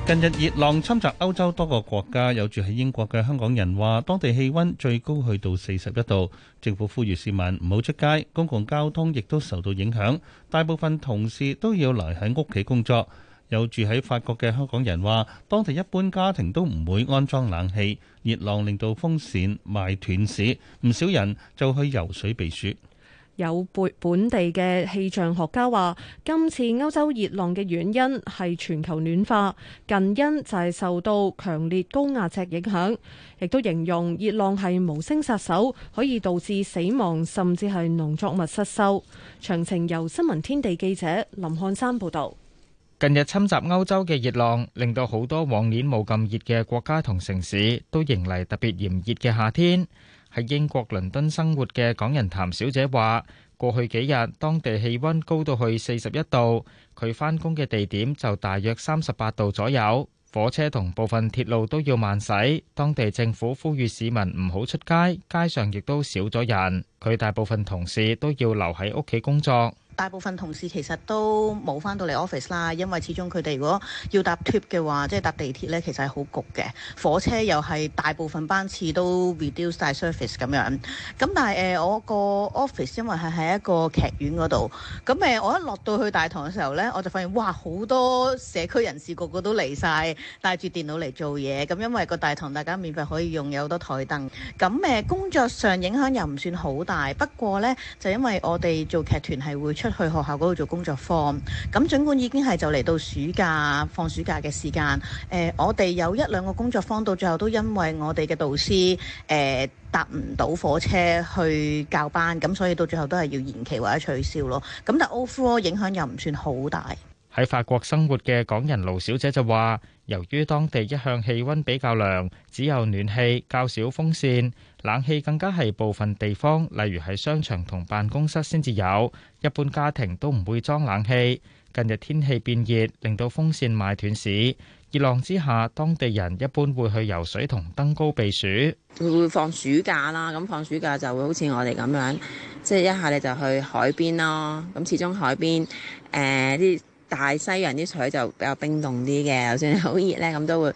近日熱浪侵襲歐洲多個國家，有住喺英國嘅香港人話，當地氣温最高去到四十一度，政府呼籲市民唔好出街，公共交通亦都受到影響，大部分同事都要留喺屋企工作。有住喺法國嘅香港人話，當地一般家庭都唔會安裝冷氣，熱浪令到風扇賣斷市，唔少人就去游水避暑。有本本地嘅氣象學家話，今次歐洲熱浪嘅原因係全球暖化，近因就係受到強烈高壓脊影響，亦都形容熱浪係無聲殺手，可以導致死亡甚至係農作物失收。詳情由新聞天地記者林漢山報道。近日侵襲歐洲嘅熱浪，令到好多往年冇咁熱嘅國家同城市都迎嚟特別炎熱嘅夏天。喺英國倫敦生活嘅港人譚小姐話，過去幾日當地氣温高到去四十一度，佢返工嘅地點就大約三十八度左右，火車同部分鐵路都要慢駛。當地政府呼籲市民唔好出街，街上亦都少咗人。佢大部分同事都要留喺屋企工作。大部分同事其實都冇翻到嚟 office 啦，因為始終佢哋如果要搭 Tube 嘅話，即係搭地鐵呢，其實係好焗嘅。火車又係大部分班次都 reduce 晒 service 咁樣。咁但係誒、呃，我個 office 因為係喺一個劇院嗰度，咁誒我一落到去大堂嘅時候呢，我就發現哇好多社區人士個個都嚟晒，帶住電腦嚟做嘢。咁因為個大堂大家免費可以用，有好多台燈。咁誒工作上影響又唔算好大，不過呢，就因為我哋做劇團係會出出去學校嗰度做工作坊，咁儘管已經係就嚟到暑假放暑假嘅時間，誒，我哋有一兩個工作坊，到最後都因為我哋嘅導師誒搭唔到火車去教班，咁所以到最後都係要延期或者取消咯。咁但係 overall 影響又唔算好大。喺法國生活嘅港人盧小姐就話，由於當地一向氣温比較涼，只有暖氣較少風扇。冷氣更加係部分地方，例如喺商場同辦公室先至有，一般家庭都唔會裝冷氣。近日天氣變熱，令到風扇賣斷市。熱浪之下，當地人一般會去游水同登高避暑。會唔會放暑假啦，咁放暑假就會好似我哋咁樣，即係一下你就去海邊咯。咁始終海邊，誒啲大西洋啲水就比較冰凍啲嘅，就算好熱咧，咁都會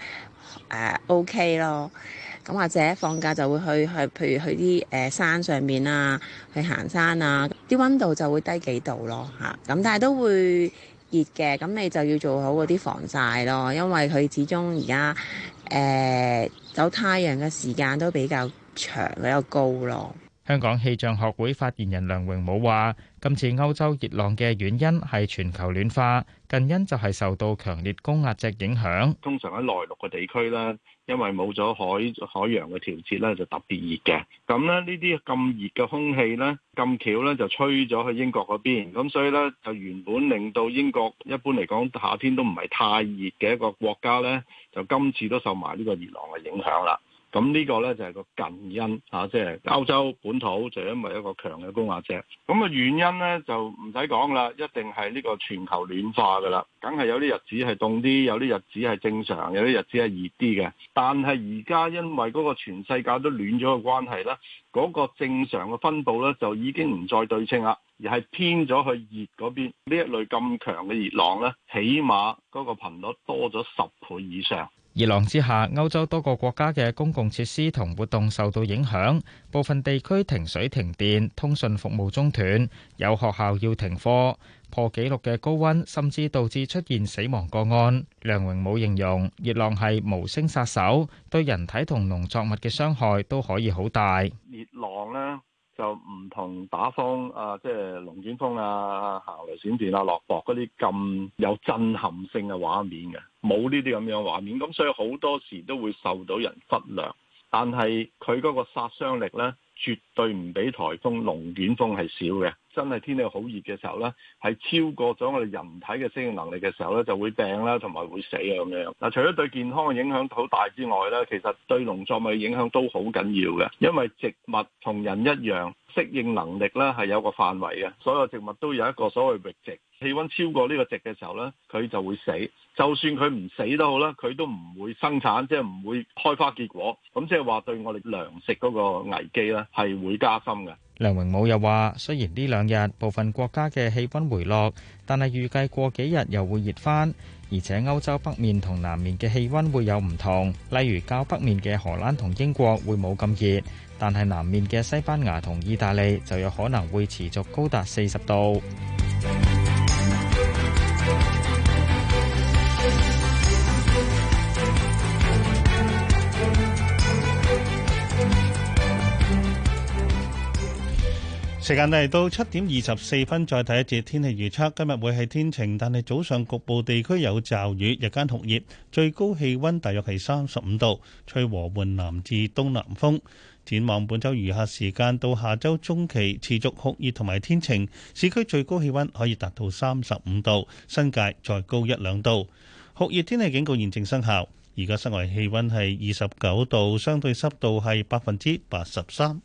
誒 OK 咯。咁或者放假就會去去，譬如去啲誒山上面啊，去行山啊，啲溫度就會低幾度咯嚇。咁但係都會熱嘅，咁你就要做好嗰啲防曬咯，因為佢始終而家誒走太陽嘅時間都比較長，比較高咯。香港氣象學會發言人梁榮武話，今次歐洲熱浪嘅原因係全球暖化。近因就係受到強烈高壓脊影響，通常喺內陸嘅地區咧，因為冇咗海海洋嘅調節咧，就特別熱嘅。咁咧呢啲咁熱嘅空氣咧，咁巧咧就吹咗去英國嗰邊，咁所以咧就原本令到英國一般嚟講夏天都唔係太熱嘅一個國家咧，就今次都受埋呢個熱浪嘅影響啦。咁呢個呢，就係、是、個近因吓、啊，即係歐洲本土，就因為一個強嘅高壓脊。咁、那、啊、個、原因呢，就唔使講啦，一定係呢個全球暖化㗎啦。梗係有啲日子係凍啲，有啲日子係正常，有啲日子係熱啲嘅。但係而家因為嗰個全世界都暖咗嘅關係呢，嗰、那個正常嘅分布呢，就已經唔再對稱啦，而係偏咗去熱嗰邊。呢一類咁強嘅熱浪呢，起碼嗰個頻率多咗十倍以上。熱浪之下，歐洲多個國家嘅公共設施同活動受到影響，部分地區停水停電、通訊服務中斷，有學校要停課。破紀錄嘅高温，甚至導致出現死亡個案。梁榮武形容，熱浪係無聲殺手，對人體同農作物嘅傷害都可以好大。熱浪咧。就唔同打風啊，即係龍捲風啊、行雷閃電啊、落雹嗰啲咁有震撼性嘅畫面嘅，冇呢啲咁樣畫面，咁、啊、所以好多時都會受到人忽略。但係佢嗰個殺傷力呢，絕對唔比颱風、龍捲風係少嘅。真係天氣好熱嘅時候呢，係超過咗我哋人體嘅適應能力嘅時候呢，就會病啦，同埋會死啊咁樣。嗱，除咗對健康嘅影響好大之外呢，其實對農作物嘅影響都好緊要嘅，因為植物同人一樣。適應能力咧係有個範圍嘅，所有植物都有一個所謂閾值，氣温超過呢個值嘅時候咧，佢就會死。就算佢唔死都好啦，佢都唔會生產，即係唔會開花結果。咁即係話對我哋糧食嗰個危機咧係會加深嘅。梁榮武又話：雖然呢兩日部分國家嘅氣温回落，但係預計過幾日又會熱返，而且歐洲北面同南面嘅氣温會有唔同。例如較北面嘅荷蘭同英國會冇咁熱。但係南面嘅西班牙同意大利就有可能會持續高達四十度。時間嚟到七點二十四分，再睇一節天氣預測。今日會係天晴，但係早上局部地區有驟雨，日間酷熱，最高氣溫大約係三十五度，吹和緩南至東南風。展望本周餘下時間到下周中期持續酷熱同埋天晴，市區最高氣溫可以達到三十五度，新界再高一兩度。酷熱天氣警告現正生效，而家室外氣溫係二十九度，相對濕度係百分之八十三。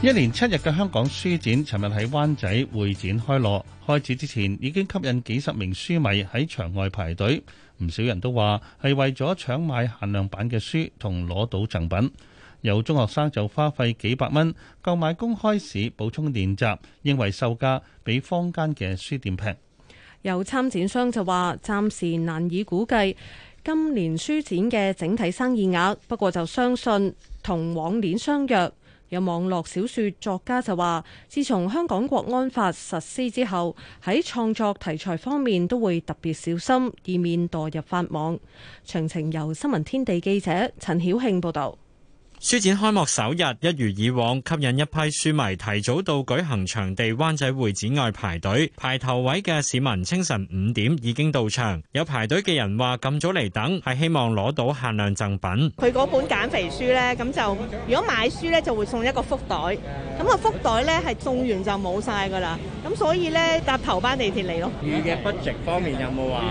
一連七日嘅香港書展，尋日喺灣仔會展開落。開始之前，已經吸引幾十名書迷喺場外排隊。唔少人都話係為咗搶買限量版嘅書同攞到贈品。有中學生就花費幾百蚊購買公開試補充練習，認為售價比坊間嘅書店平。有參展商就話，暫時難以估計今年書展嘅整體生意額，不過就相信同往年相若。有網絡小說作家就話，自從香港國安法實施之後，喺創作題材方面都會特別小心，以免墮入法網。詳情由新聞天地記者陳曉慶報導。書展開幕首日，一如以往，吸引一批書迷提早到舉行場地灣仔會展外排隊。排頭位嘅市民清晨五點已經到場。有排隊嘅人話：咁早嚟等，係希望攞到限量贈品。佢嗰本減肥書呢，咁就如果買書呢，就會送一個福袋。咁個福袋呢係送完就冇晒噶啦。咁所以呢搭頭班地鐵嚟咯。預嘅 budget 方面有冇話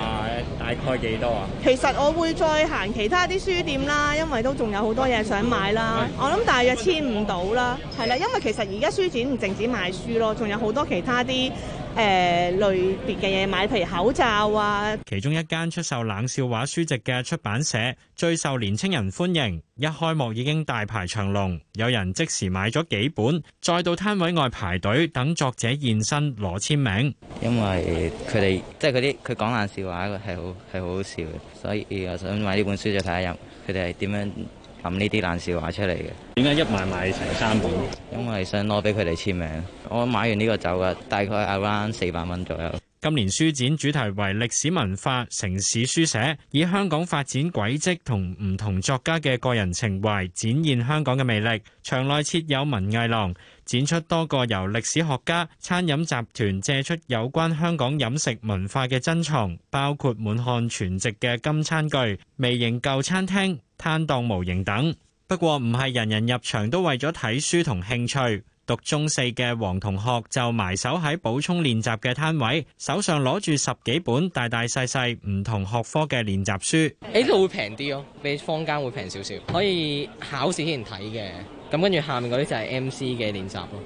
大概幾多啊？其實我會再行其他啲書店啦，因為都仲有好多嘢想買。Okay. 我諗大約簽唔到啦，係啦，因為其實而家書展唔淨止賣書咯，仲有好多其他啲誒、呃、類別嘅嘢，買譬如口罩啊。其中一間出售冷笑話書籍嘅出版社最受年青人歡迎，一開幕已經大排長龍，有人即時買咗幾本，再到攤位外排隊等作者現身攞簽名。因為佢哋即係嗰啲佢講冷笑話係好係好好笑嘅，所以我想買呢本書再睇下入佢哋係點樣。咁呢啲冷笑話出嚟嘅，點解一買買成三本？因為想攞俾佢哋簽名。我買完呢個酒噶，大概 around 四百蚊左右。今年書展主題為歷史文化城市書寫，以香港發展軌跡同唔同作家嘅個人情懷，展現香港嘅魅力。場內設有文藝廊。展出多個由歷史學家、餐飲集團借出有關香港飲食文化嘅珍藏，包括滿漢全席嘅金餐具、微型舊餐廳攤檔模型等。不過唔係人人入場都為咗睇書同興趣。讀中四嘅黃同學就埋手喺補充練習嘅攤位，手上攞住十幾本大大細細唔同學科嘅練習書。呢度會平啲咯，比坊間會平少少，可以考試先睇嘅。咁跟住下面嗰啲就係 MC 嘅練習咯。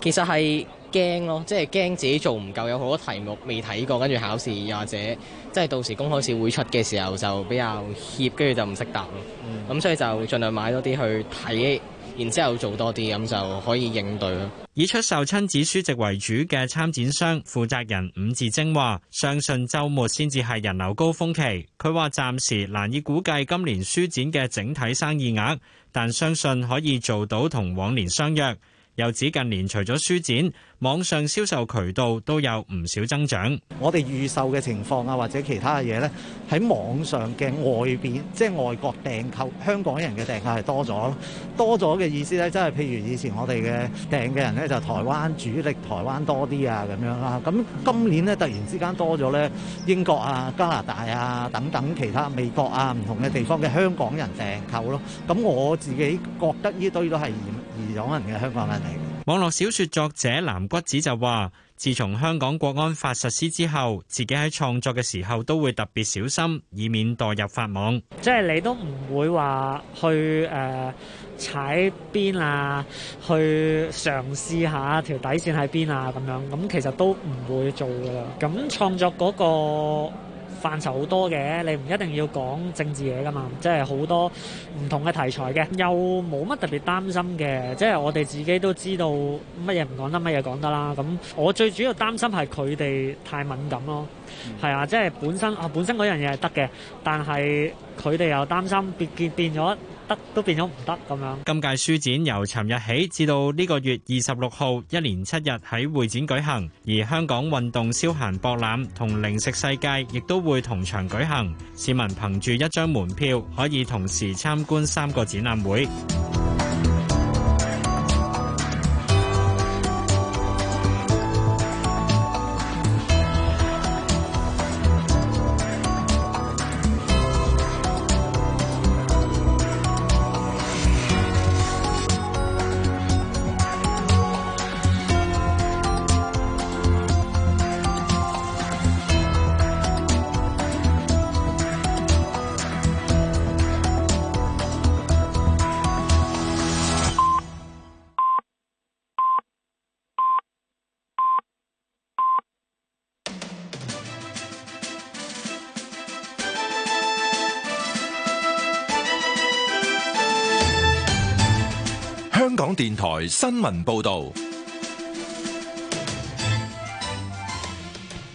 其實係驚咯，即係驚自己做唔夠，有好多題目未睇過，跟住考試又或者即係到時公開試會出嘅時候就比較怯，跟住就唔識答咯。咁、嗯嗯、所以就盡量買多啲去睇，然之後做多啲咁就可以應對咯。以出售親子書籍為主嘅參展商負責人伍志晶話：相信週末先至係人流高峰期。佢話暫時難以估計今年書展嘅整體生意額。但相信可以做到同往年相約，又指近年除咗書展，網上銷售渠道都有唔少增長。我哋預售嘅情況啊，或者其他嘅嘢咧，喺網上嘅外邊，即係外國訂購，香港人嘅訂購係多咗咯。多咗嘅意思咧，即係譬如以前我哋嘅訂嘅人咧就台灣主力，台灣多啲啊。噉樣啦。噉今年咧突然之間多咗咧英國，加拿大，等等，其他美國，唔同嘅地方嘅香港人訂購咯。噉我自己覺得呢堆都係移移咗人嘅香港人嚟。網絡小說作者藍骨子就話，自從香港國安法實施之後，自己喺創作嘅時候都會特別小心，以免墮入法網。即係你都唔會話去誒、呃、踩邊啊，去嘗試下條底線喺邊啊咁樣，咁其實都唔會做㗎喇。咁創作嗰、那個，範疇好多嘅，你唔一定要講政治嘢㗎嘛，即係好多唔同嘅題材嘅，又冇乜特別擔心嘅，即係我哋自己都知道乜嘢唔講得，乜嘢講得啦。咁我最主要擔心係佢哋太敏感咯，係啊，即係本身啊，本身嗰樣嘢係得嘅，但係佢哋又擔心變變變咗。得都變咗唔得咁樣。今屆書展由尋日起至到呢個月二十六號，一連七日喺會展舉行，而香港運動消閒博覽同零食世界亦都會同場舉行。市民憑住一張門票，可以同時參觀三個展覽會。台新聞報道，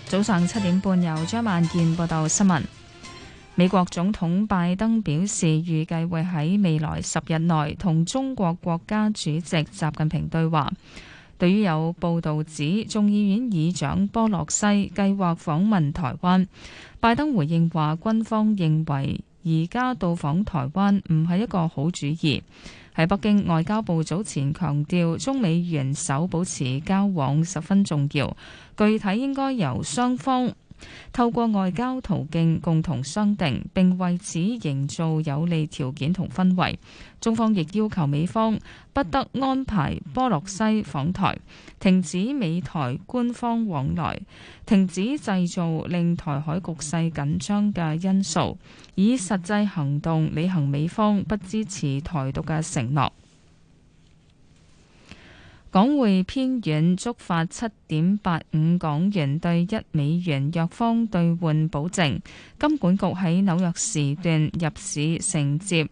早上七點半由張萬健報道新聞。美國總統拜登表示，預計會喺未來十日內同中國國家主席習近平對話。對於有報道指眾議院議長波洛西計劃訪問台灣，拜登回應話：軍方認為而家到訪台灣唔係一個好主意。喺北京，外交部早前強調，中美元首保持交往十分重要，具體應該由雙方。透過外交途徑共同商定，並為此營造有利條件同氛圍。中方亦要求美方不得安排波洛西訪台，停止美台官方往來，停止製造令台海局勢緊張嘅因素，以實際行動履行美方不支持台獨嘅承諾。港匯偏軟，觸發七點八五港元對一美元弱方兌換保證，金管局喺紐約時段入市承接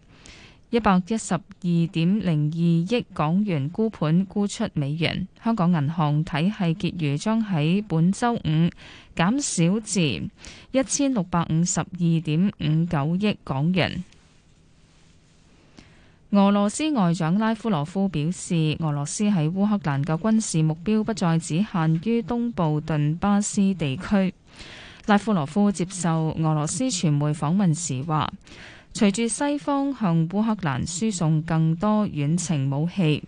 一百一十二點零二億港元沽盤沽出美元。香港銀行體系結餘將喺本周五減少至一千六百五十二點五九億港元。俄羅斯外長拉夫羅夫表示，俄羅斯喺烏克蘭嘅軍事目標不再只限於東部頓巴斯地區。拉夫羅夫接受俄羅斯傳媒訪問時話，隨住西方向烏克蘭輸送更多遠程武器，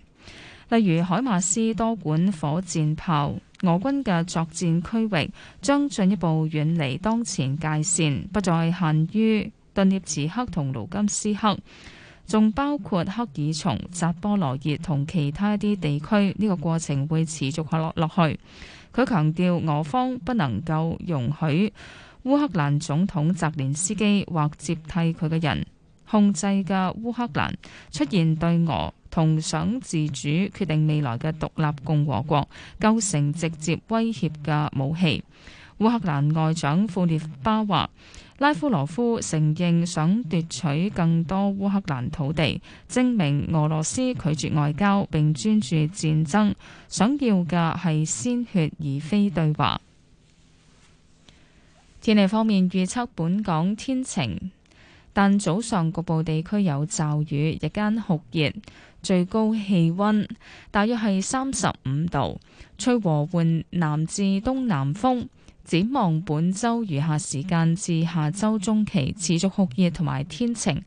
例如海馬斯多管火箭炮，俄軍嘅作戰區域將進一步遠離當前界線，不再限於頓涅茨克同盧甘斯克。仲包括赫爾松、扎波羅熱同其他一啲地區，呢、這個過程會持續落落去。佢強調，俄方不能夠容許烏克蘭總統澤連斯基或接替佢嘅人控制嘅烏克蘭出現對俄同想自主決定未來嘅獨立共和國構成直接威脅嘅武器。烏克蘭外長庫列巴話。拉夫羅夫承認想奪取更多烏克蘭土地，證明俄羅斯拒絕外交並專注戰爭，想要嘅係鮮血，而非對話。天氣方面，預測本港天晴，但早上局部地區有驟雨，日間酷熱，最高氣温大約係三十五度，吹和緩南至東南風。展望本周餘下時間至下周中期持續酷熱同埋天晴，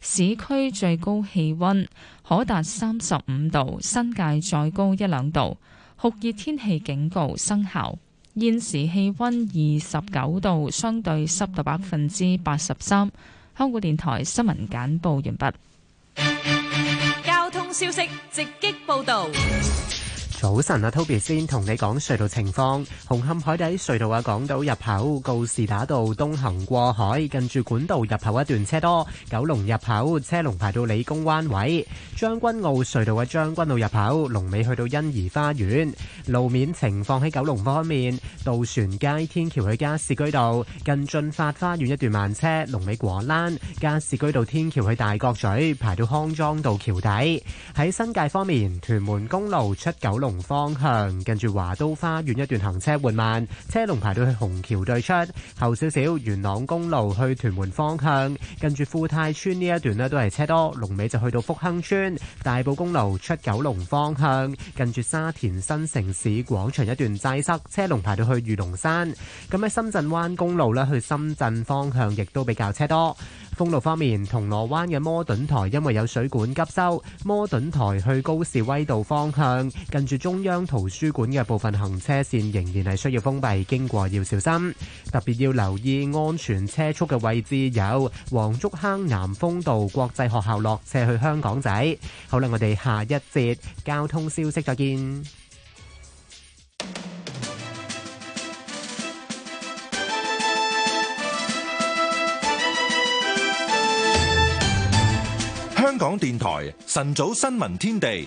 市區最高氣温可達三十五度，新界再高一兩度，酷熱天氣警告生效。現時氣温二十九度，相對濕度百分之八十三。香港電台新聞簡報完畢。交通消息直擊報道。早晨啊，Toby 先同你講隧道情況。紅磡海底隧道啊，港島入口告士打道東行過海，近住管道入口一段車多。九龍入口車龍排到理工灣位。將軍澳隧道嘅將軍澳入口，龍尾去到欣宜花園。路面情況喺九龍方面，渡船街天橋去加士居道，近駿發花園一段慢車，龍尾果欄。加士居道天橋去大角咀，排到康莊道橋底。喺新界方面，屯門公路出九龍，紅方向，近住華都花園一段行車緩慢，車龍排到去紅橋對出後少少。元朗公路去屯門方向，近住富泰村呢一段咧都係車多，龍尾就去到福亨村。大埔公路出九龍方向，近住沙田新城市廣場一段擠塞，車龍排到去御龍山。咁喺深圳灣公路咧去深圳方向，亦都比較車多。公路方面，銅鑼灣嘅摩頓台因為有水管急修，摩頓台去高士威道方向近住中央圖書館嘅部分行車線仍然係需要封閉，經過要小心，特別要留意安全車速嘅位置有黃竹坑南風道國際學校落車去香港仔。好啦，我哋下一節交通消息再見。港電台晨早新聞天地，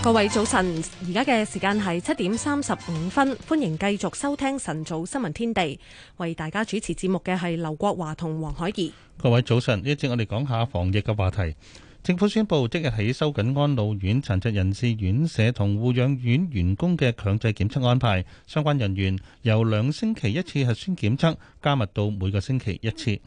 各位早晨，而家嘅時間係七點三十五分，歡迎繼續收聽晨早新聞天地。為大家主持節目嘅係劉國華同黃海怡。各位早晨，呢節我哋講下防疫嘅話題。政府宣布即日起收緊安老院、殘疾人士院舍同護養院員工嘅強制檢測安排，相關人員由兩星期一次核酸檢測加密到每個星期一次。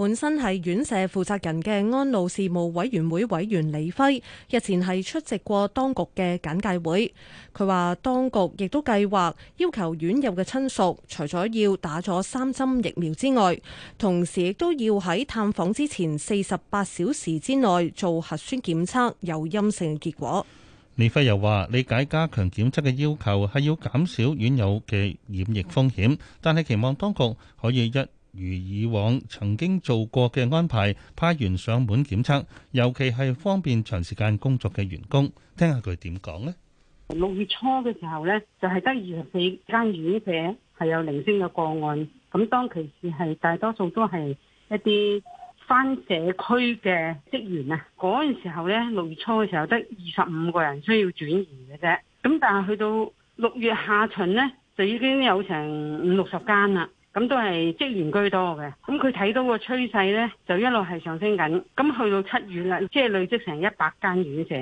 本身係院舍負責人嘅安老事務委員會委員李輝日前係出席過當局嘅簡介會，佢話當局亦都計劃要求院友嘅親屬除咗要打咗三針疫苗之外，同時亦都要喺探訪之前四十八小時之內做核酸檢測有陰性結果。李輝又話理解加強檢測嘅要求係要減少院友嘅染疫風險，但係期望當局可以一如以往曾經做過嘅安排，派員上門檢測，尤其係方便長時間工作嘅員工。聽下佢點講呢六？六月初嘅時候呢，就係得二十四間院舍係有零星嘅個案。咁當其時係大多數都係一啲返社區嘅職員啊。嗰陣時候呢，六月初嘅時候得二十五個人需要轉移嘅啫。咁但係去到六月下旬呢，就已經有成五六十間啦。咁都係職員居多嘅，咁佢睇到個趨勢呢，就一路係上升緊。咁去到七月啦，即係累積成一百間院舍，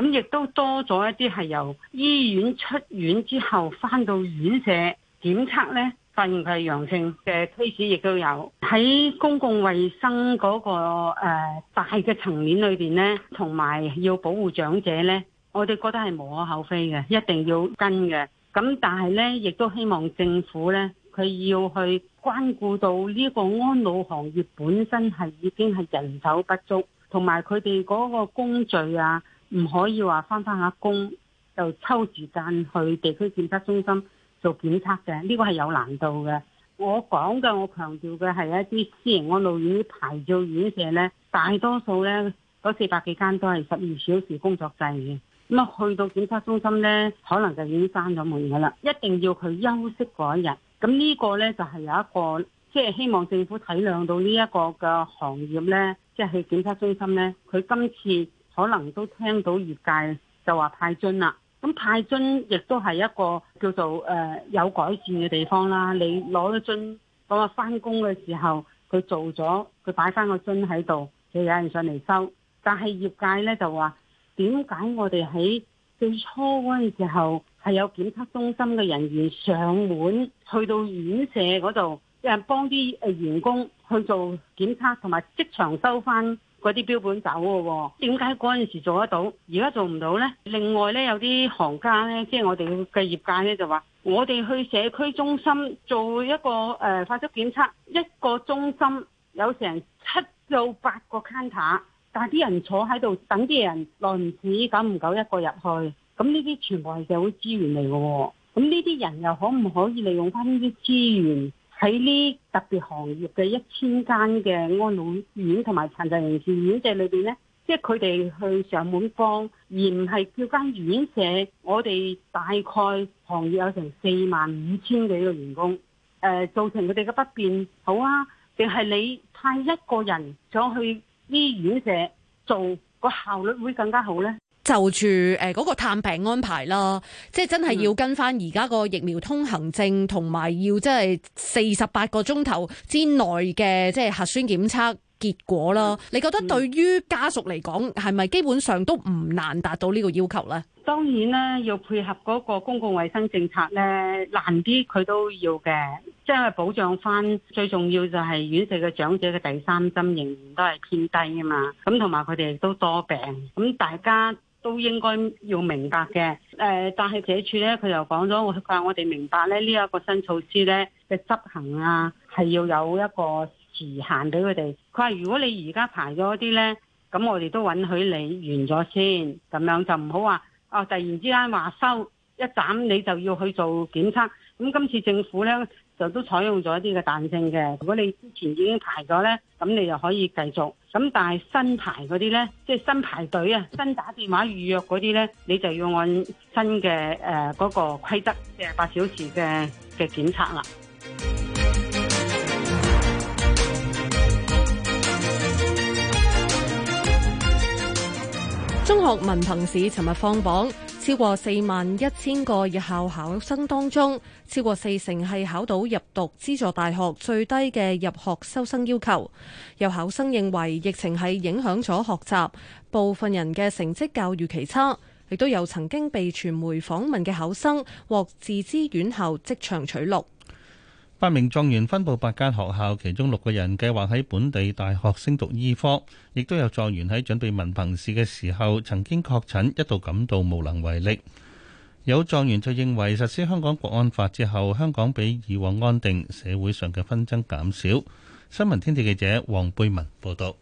咁亦都多咗一啲係由醫院出院之後返到院舍檢測呢，發現佢係陽性嘅 case 亦都有。喺公共衛生嗰、那個、呃、大嘅層面裏邊呢，同埋要保護長者呢，我哋覺得係無可厚非嘅，一定要跟嘅。咁但係呢，亦都希望政府呢。佢要去關顧到呢個安老行業本身係已經係人手不足，同埋佢哋嗰個工序啊，唔可以話翻翻下工就抽時間去地區檢測中心做檢測嘅，呢、這個係有難度嘅。我講嘅，我強調嘅係一啲私人安老院、牌照院舍呢，大多數呢嗰四百幾間都係十二小時工作制嘅，咁啊去到檢測中心呢，可能就已經閂咗門噶啦，一定要佢休息嗰一日。咁呢個呢，就係、是、有一個，即、就、係、是、希望政府體諒到呢一個嘅行業呢，即係喺檢測中心呢。佢今次可能都聽到業界就話派樽啦。咁派樽亦都係一個叫做誒、呃、有改善嘅地方啦。你攞咗樽，當我翻工嘅時候，佢做咗，佢擺翻個樽喺度，就有人上嚟收。但係業界呢，就話，點解我哋喺最初嗰陣時候，係有檢測中心嘅人員上門去到院舍嗰度，誒幫啲誒員工去做檢測，同埋即場收翻嗰啲標本走嘅喎。點解嗰陣時做得到，而家做唔到呢？另外呢，有啲行家呢，即係我哋嘅業界呢，就話，我哋去社區中心做一個誒快速檢測，一個中心有成七到八個卡，但係啲人坐喺度等啲人輪子，久唔久一個入去。咁呢啲全部係社會資源嚟嘅。哦，咁呢啲人又可唔可以利用翻呢啲資源喺呢特別行業嘅一千間嘅安老院同埋殘疾人士院舍裏邊呢？即係佢哋去上門幫，而唔係叫間院舍。我哋大概行業有成四萬五千幾個員工，誒、呃、造成佢哋嘅不便，好啊？定係你派一個人上去呢院舍做，個效率會更加好呢？就住誒個探病安排啦，即係真係要跟翻而家個疫苗通行證，同埋要即係四十八個鐘頭之內嘅即係核酸檢測。結果囉，你覺得對於家屬嚟講，係咪基本上都唔難達到呢個要求呢？當然啦，要配合嗰個公共衛生政策呢，難啲佢都要嘅，即係保障翻。最重要就係院舍嘅長者嘅第三針仍然都係偏低啊嘛。咁同埋佢哋都多病，咁大家都應該要明白嘅。誒，但係這處呢，佢又講咗，佢話我哋明白咧，呢一個新措施呢嘅執行啊，係要有一個。時限俾佢哋。佢話：如果你而家排咗啲呢，咁我哋都允許你完咗先，咁樣就唔好話哦，突然之間話收一斬，你就要去做檢測。咁今次政府呢，就都採用咗一啲嘅彈性嘅。如果你之前已經排咗呢，咁你就可以繼續。咁但係新排嗰啲呢，即係新排隊啊，新打電話預約嗰啲呢，你就要按新嘅誒嗰個規則，四十八小時嘅嘅檢測啦。中學文憑試尋日放榜，超過四萬一千個日校考生當中，超過四成係考到入讀資助大學最低嘅入學收生要求。有考生認為疫情係影響咗學習，部分人嘅成績較預期差，亦都有曾經被傳媒訪問嘅考生獲自資院校即場取錄。八名狀元分佈八間學校，其中六個人計劃喺本地大學升讀醫科，亦都有狀元喺準備文憑試嘅時候曾經確診，一度感到無能為力。有狀元就認為實施香港國安法之後，香港比以往安定，社會上嘅紛爭減少。新聞天地記者黃貝文報道。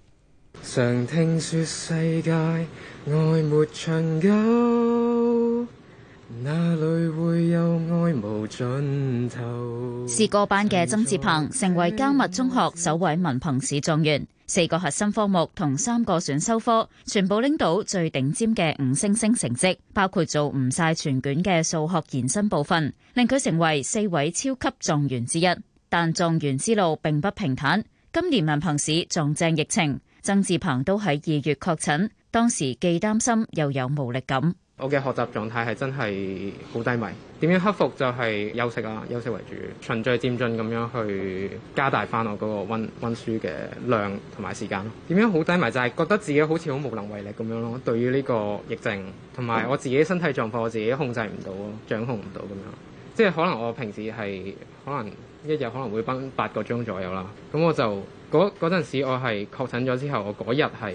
哪裡會有愛無盡頭，是歌班嘅曾志鵬成為嘉密中學首位文憑試狀元，四個核心科目同三個選修科全部拎到最頂尖嘅五星星成績，包括做唔晒全卷嘅數學延伸部分，令佢成為四位超級狀元之一。但狀元之路並不平坦，今年文憑試撞正疫情，曾志鵬都喺二月確診，當時既擔心又有無力感。我嘅學習狀態係真係好低迷。點樣克服就係休息啦，啊，休息為主，循序漸進咁樣去加大翻我嗰個温温書嘅量同埋時間咯。點樣好低迷就係覺得自己好似好無能為力咁樣咯。對於呢個疫症同埋我自己身體狀況，我自己控制唔到，掌控唔到咁樣。即係可能我平時係可能一日可能會瞓八個鐘左右啦。咁我就嗰嗰陣時我係確診咗之後，我嗰日係。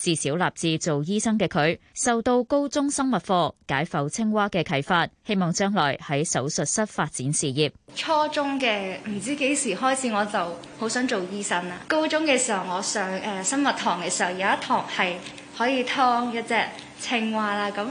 自小立志做醫生嘅佢，受到高中生物課解剖青蛙嘅啟發，希望將來喺手術室發展事業。初中嘅唔知幾時開始，我就好想做醫生啦。高中嘅時候，我上誒、呃、生物堂嘅時候，有一堂係可以劏一隻青蛙啦咁。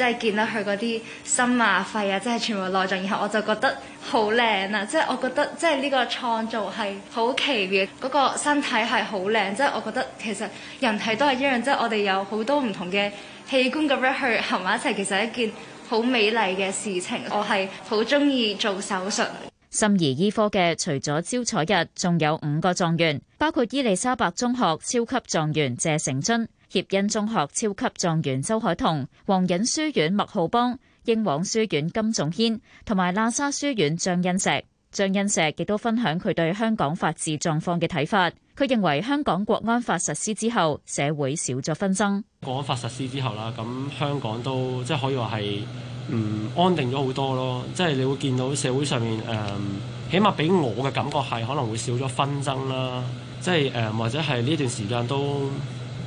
即係見到佢嗰啲心啊、肺啊，即係全部內臟，然後我就覺得好靚啊！即係我覺得，即係呢個創造係好奇妙，嗰個身體係好靚。即係我覺得其實人體都係一樣，即係我哋有好多唔同嘅器官咁樣去合埋一齊，其實係一件好美麗嘅事情。我係好中意做手術。心儀醫科嘅除咗招彩日，仲有五個狀元，包括伊利沙伯中學超級狀元謝成真。協恩中學超級狀元周海彤、黃隱書院麥浩邦、英皇書院金仲軒，同埋喇沙書院張恩石。張恩石亦都分享佢對香港法治狀況嘅睇法。佢認為香港國安法實施之後，社會少咗紛爭。國安法實施之後啦，咁香港都即係可以話係嗯安定咗好多咯。即係你會見到社會上面誒，起碼俾我嘅感覺係可能會少咗紛爭啦。即係誒，或者係呢段時間都。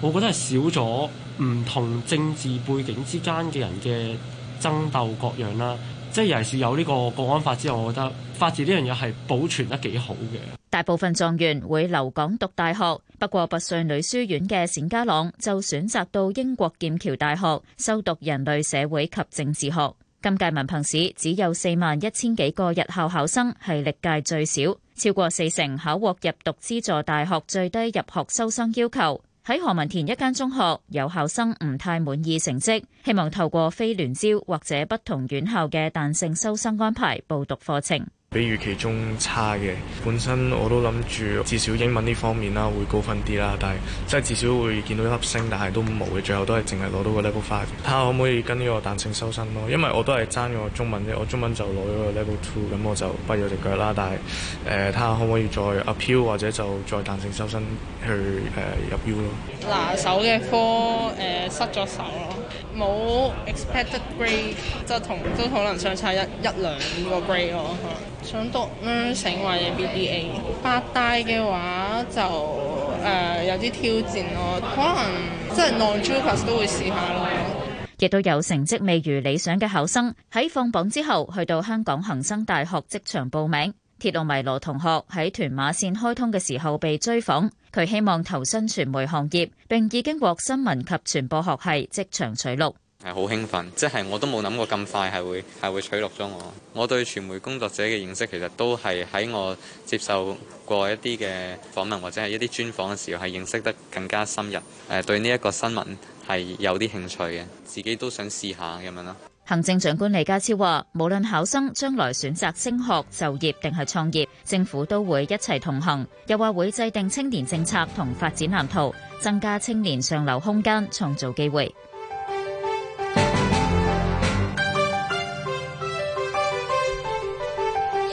我覺得係少咗唔同政治背景之間嘅人嘅爭鬥各樣啦，即係尤其是有呢個國安法之後，我覺得法治呢樣嘢係保存得幾好嘅。大部分狀元會留港讀大學，不過拔萃女書院嘅冼家朗就選擇到英國劍橋大學修讀人類社會及政治學。今屆文憑試只有四萬一千幾個日校考生，係歷屆最少，超過四成考獲入讀資助大學最低入學收生要求。喺何文田一間中學，有校生唔太滿意成績，希望透過非聯招或者不同院校嘅彈性收生安排，報讀課程。比預期中差嘅，本身我都諗住至少英文呢方面啦會高分啲啦，但係即係至少會見到一粒星，但係都冇嘅。最後都係淨係攞到個 level five。睇下可唔可以跟呢個彈性收生咯，因為我都係爭咗個中文啫，我中文就攞咗個 level two，咁我就跛咗隻腳啦。但係誒睇下可唔可以再 appeal 或者就再彈性收生去誒、呃、入 U 咯。拿手嘅科誒失咗手咯，冇 expected grade，即係同都可能相差一一兩個 grade 咯。嗯。想讀呢成為嘅 BBA，八大嘅話就誒、呃、有啲挑戰咯，可能即係 non-JUPAS 都會試下咯。亦都有成績未如理想嘅考生喺放榜之後去到香港恒生大學職場報名。鐵路迷羅同學喺屯馬線開通嘅時候被追訪，佢希望投身傳媒行業，並已經獲新聞及傳播學系職場取錄。係好興奮，即係我都冇諗過咁快係會係會取錄咗我。我對傳媒工作者嘅認識其實都係喺我接受過一啲嘅訪問或者係一啲專訪嘅時候係認識得更加深入。誒，對呢一個新聞係有啲興趣嘅，自己都想試下咁樣咯。行政長官李家超話，無論考生將來選擇升學、就業定係創業，政府都會一齊同行。又話會制定青年政策同發展藍圖，增加青年上流空間，創造機會。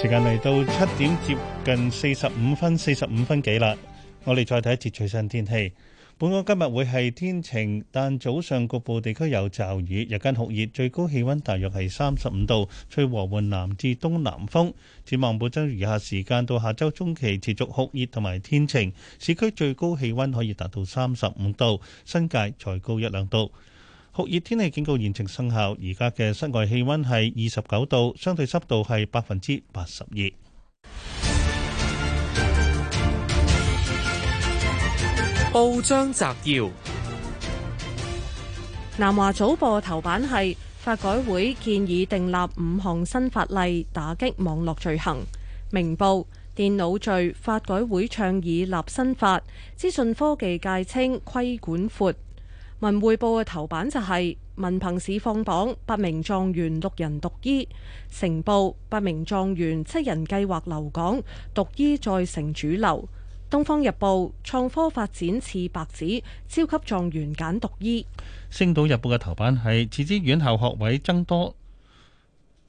時間嚟到七點接近四十五分，四十五分幾啦。我哋再睇一次最新天氣。本港今日會係天晴，但早上局部地區有驟雨，日間酷熱，最高氣溫大約係三十五度，吹和緩南至東南風。展望本周餘下時間到下周中期持續酷熱同埋天晴，市區最高氣溫可以達到三十五度，新界再高一兩度。酷熱天氣警告現正生效，而家嘅室外氣溫係二十九度，相對濕度係百分之八十二。報章摘要：南華早報頭版係，法改會建議訂立五項新法例打擊網絡罪行，明報電腦罪，法改會倡議立新法，資訊科技界稱規管闊。文匯報嘅頭版就係、是、文憑試放榜，八名狀元六人讀醫。成報八名狀元七人計劃留港，讀醫再成主流。東方日報創科發展似白紙，超級狀元揀讀，讀醫。星島日報嘅頭版係自資院校學位增多。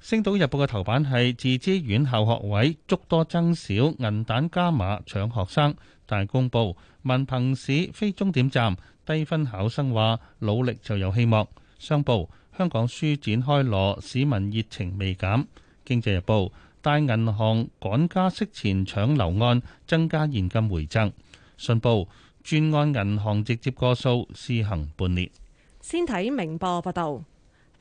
星島日報嘅頭版係自資院校學位粥多僧少，銀彈加碼搶學生。大公報文憑試非終點站。低分考生話：努力就有希望。商報香港書展開鑼，市民熱情未減。經濟日報大銀行趕加息前搶樓按，增加現金回贈。信報轉按銀行直接過數，試行半年。先睇明報報道。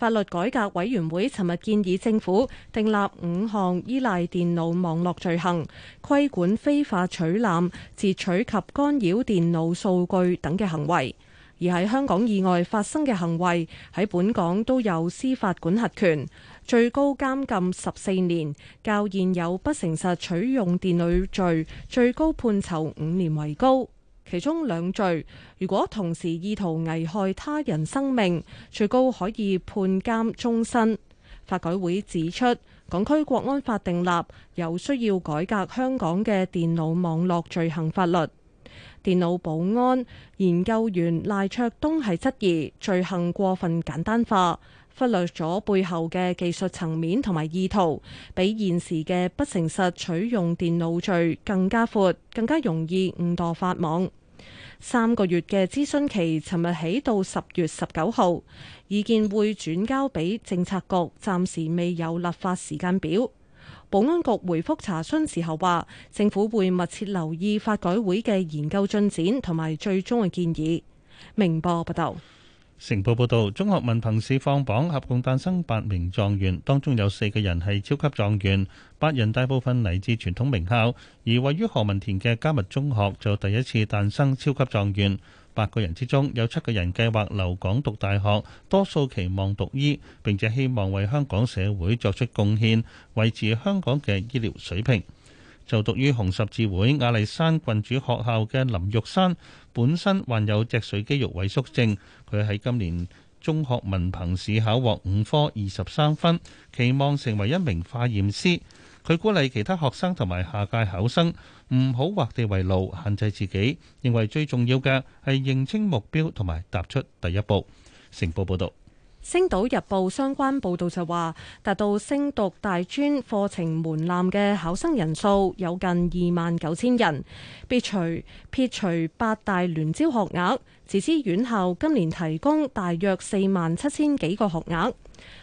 法律改革委員會尋日建議政府訂立五項依賴電腦網絡罪行，規管非法取覽、截取及干擾電腦數據等嘅行為。而喺香港以外發生嘅行為，喺本港都有司法管轄權，最高監禁十四年，較現有不誠實取用電腦罪最高判囚五年為高。其中兩罪，如果同時意圖危害他人生命，最高可以判監終身。法改會指出，港區國安法定立，有需要改革香港嘅電腦網絡罪行法律。電腦保安研究員賴卓東係質疑罪行過分簡單化，忽略咗背後嘅技術層面同埋意圖，比現時嘅不誠實取用電腦罪更加闊，更加容易誤墮法網。三個月嘅諮詢期，尋日起到十月十九號，意見會轉交俾政策局，暫時未有立法時間表。保安局回覆查詢時候話，政府會密切留意法改會嘅研究進展同埋最終嘅建議。明報報道。成報報導，中學文憑試放榜，合共誕生八名狀元，當中有四個人係超級狀元。八人大部分嚟自傳統名校，而位於何文田嘅迦密中學就第一次誕生超級狀元。八個人之中，有七個人計劃留港讀大學，多數期望讀醫，並且希望為香港社會作出貢獻，維持香港嘅醫療水平。就讀於紅十字會雅麗珊郡主學校嘅林玉山，本身患有脊髓肌肉萎縮症。佢喺今年中學文憑試考獲五科二十三分，期望成為一名化驗師。佢鼓勵其他學生同埋下屆考生唔好畫地為牢，限制自己，認為最重要嘅係認清目標同埋踏出第一步。成報報道。《星島日報》相關報道就話，達到升讀大專課程門檻嘅考生人數有近二萬九千人，撇除撇除八大聯招學額，自資院校今年提供大約四萬七千幾個學額。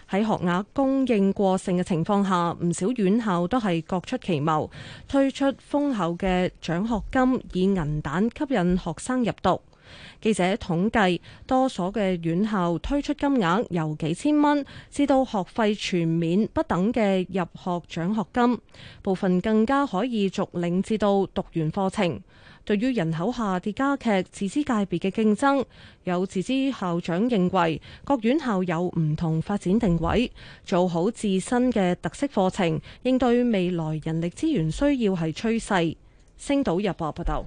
喺學額供應過剩嘅情況下，唔少院校都係各出奇謀，推出豐厚嘅獎學金，以銀彈吸引學生入讀。記者統計，多所嘅院校推出金額由幾千蚊至到學費全免不等嘅入學獎學金，部分更加可以續領至到讀完課程。對於人口下跌加劇，自資界別嘅競爭，有自資校長認為各院校有唔同發展定位，做好自身嘅特色課程，應對未來人力資源需要係趨勢。星島日報報、啊、道。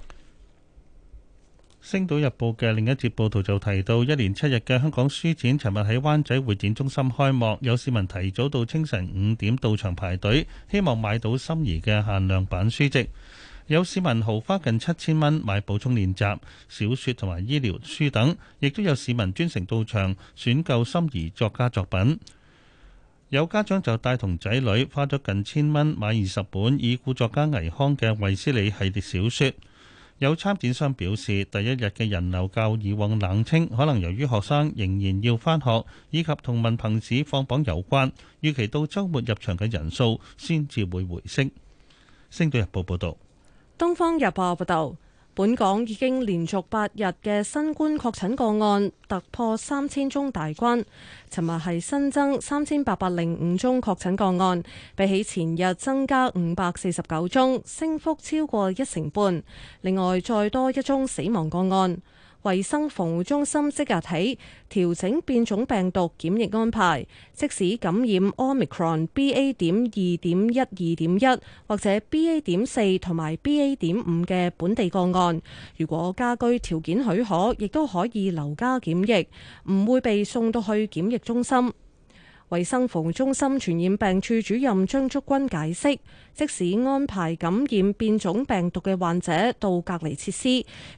《星島日報》嘅另一節報道就提到，一連七日嘅香港書展，尋日喺灣仔會展中心開幕，有市民提早到清晨五點到場排隊，希望買到心儀嘅限量版書籍。有市民豪花近七千蚊買補充練習小說同埋醫療書等，亦都有市民專程到場選購心儀作家作品。有家長就帶同仔女花咗近千蚊買二十本已故作家倪匡嘅衛斯理系列小說。有參展商表示，第一日嘅人流較以往冷清，可能由於學生仍然要返學，以及同文憑試放榜有關，預期到周末入場嘅人數先至會回升。星島日報報道，東方日報報道。本港已經連續八日嘅新冠確診個案突破三千宗大關，尋日係新增三千八百零五宗確診個案，比起前日增加五百四十九宗，升幅超過一成半。另外，再多一宗死亡個案。衞生防護中心即日起調整變種病毒檢疫安排，即使感染 Omicron BA. 點二點一二點一或者 BA. 點四同埋 BA. 點五嘅本地個案，如果家居條件許可，亦都可以留家檢疫，唔會被送到去檢疫中心。衛生防護中心傳染病處主任張竹君解釋：即使安排感染變種病毒嘅患者到隔離設施，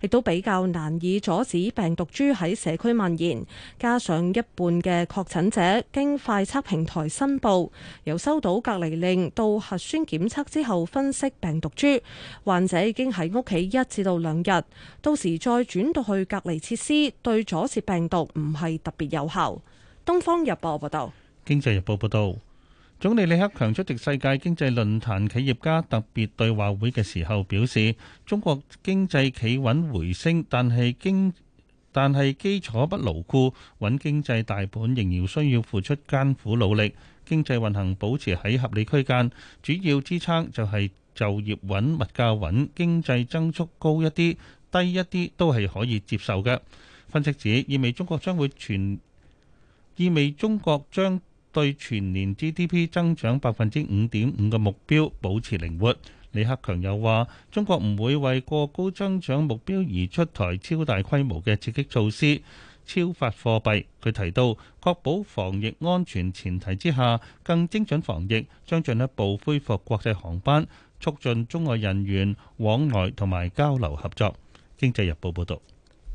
亦都比較難以阻止病毒株喺社區蔓延。加上一半嘅確診者經快測平台申報，由收到隔離令到核酸檢測之後分析病毒株，患者已經喺屋企一至到兩日，到時再轉到去隔離設施，對阻截病毒唔係特別有效。東方日報報道。《經濟日報》報道，總理李克強出席世界經濟論壇企業家特別對話會嘅時候表示，中國經濟企穩回升，但係經但係基礎不牢固，穩經濟大盤仍然需要付出艱苦努力。經濟運行保持喺合理區間，主要支撐就係就業穩、物價穩、經濟增速高一啲、低一啲都係可以接受嘅。分析指，意味中國將會全，意味中國將對全年 GDP 增長百分之五點五嘅目標保持靈活。李克強又話：中國唔會為過高增長目標而出台超大規模嘅刺激措施、超發貨幣。佢提到，確保防疫安全前提之下，更精準防疫，將進一步恢復國際航班，促進中外人員往來同埋交流合作。經濟日報報道。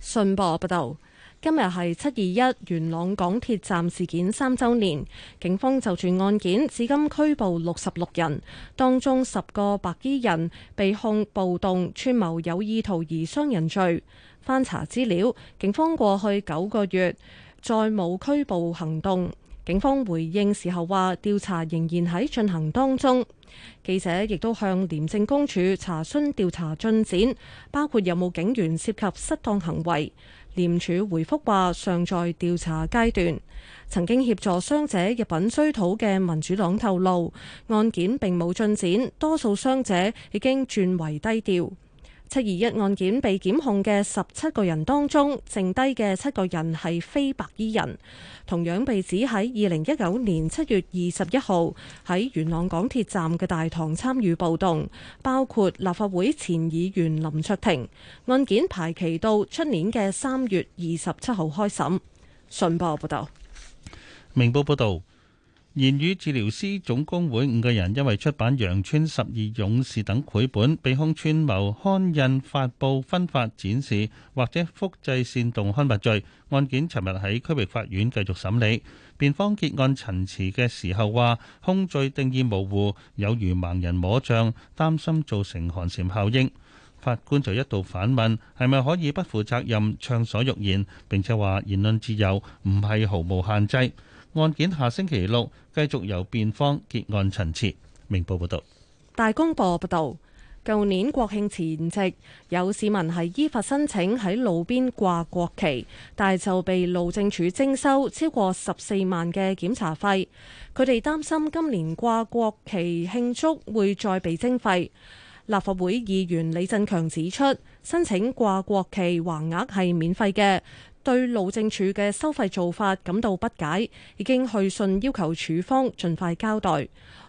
信報報導。今日係七二一元朗港鐵站事件三週年，警方就住案件至今拘捕六十六人，當中十個白衣人被控暴動、串謀有意圖而傷人罪。翻查資料，警方過去九個月再冇拘捕行動。警方回應時候話，調查仍然喺進行當中。記者亦都向廉政公署查詢調查進展，包括有冇警員涉及失當行為。廉署回覆話尚在調查階段。曾經協助傷者入稟追討嘅民主黨透露，案件並冇進展，多數傷者已經轉為低調。七二一案件被檢控嘅十七個人當中，剩低嘅七個人係非白衣人，同樣被指喺二零一九年七月二十一號喺元朗港鐵站嘅大堂參與暴動，包括立法會前議員林卓廷。案件排期到出年嘅三月二十七號開審。信報報道。明報報道。言語治療師總工會五個人因為出版《羊村十二勇士》等繪本被控串謀刊印、發佈、分發、展示或者複製煽動刊物罪，案件尋日喺區域法院繼續審理。辯方結案陳詞嘅時候話，控罪定義模糊，有如盲人摸象，擔心造成寒蟬效應。法官就一度反問：係咪可以不負責任、暢所欲言，並且話言論自由唔係毫無限制？案件下星期六繼續由辯方結案陳詞。明報報道，大公報報道，舊年國慶前夕，有市民係依法申請喺路邊掛國旗，但就被路政署徵收超過十四萬嘅檢查費。佢哋擔心今年掛國旗慶祝會再被徵費。立法會議員李振強指出，申請掛國旗橫額係免費嘅。對路政署嘅收費做法感到不解，已經去信要求署方盡快交代。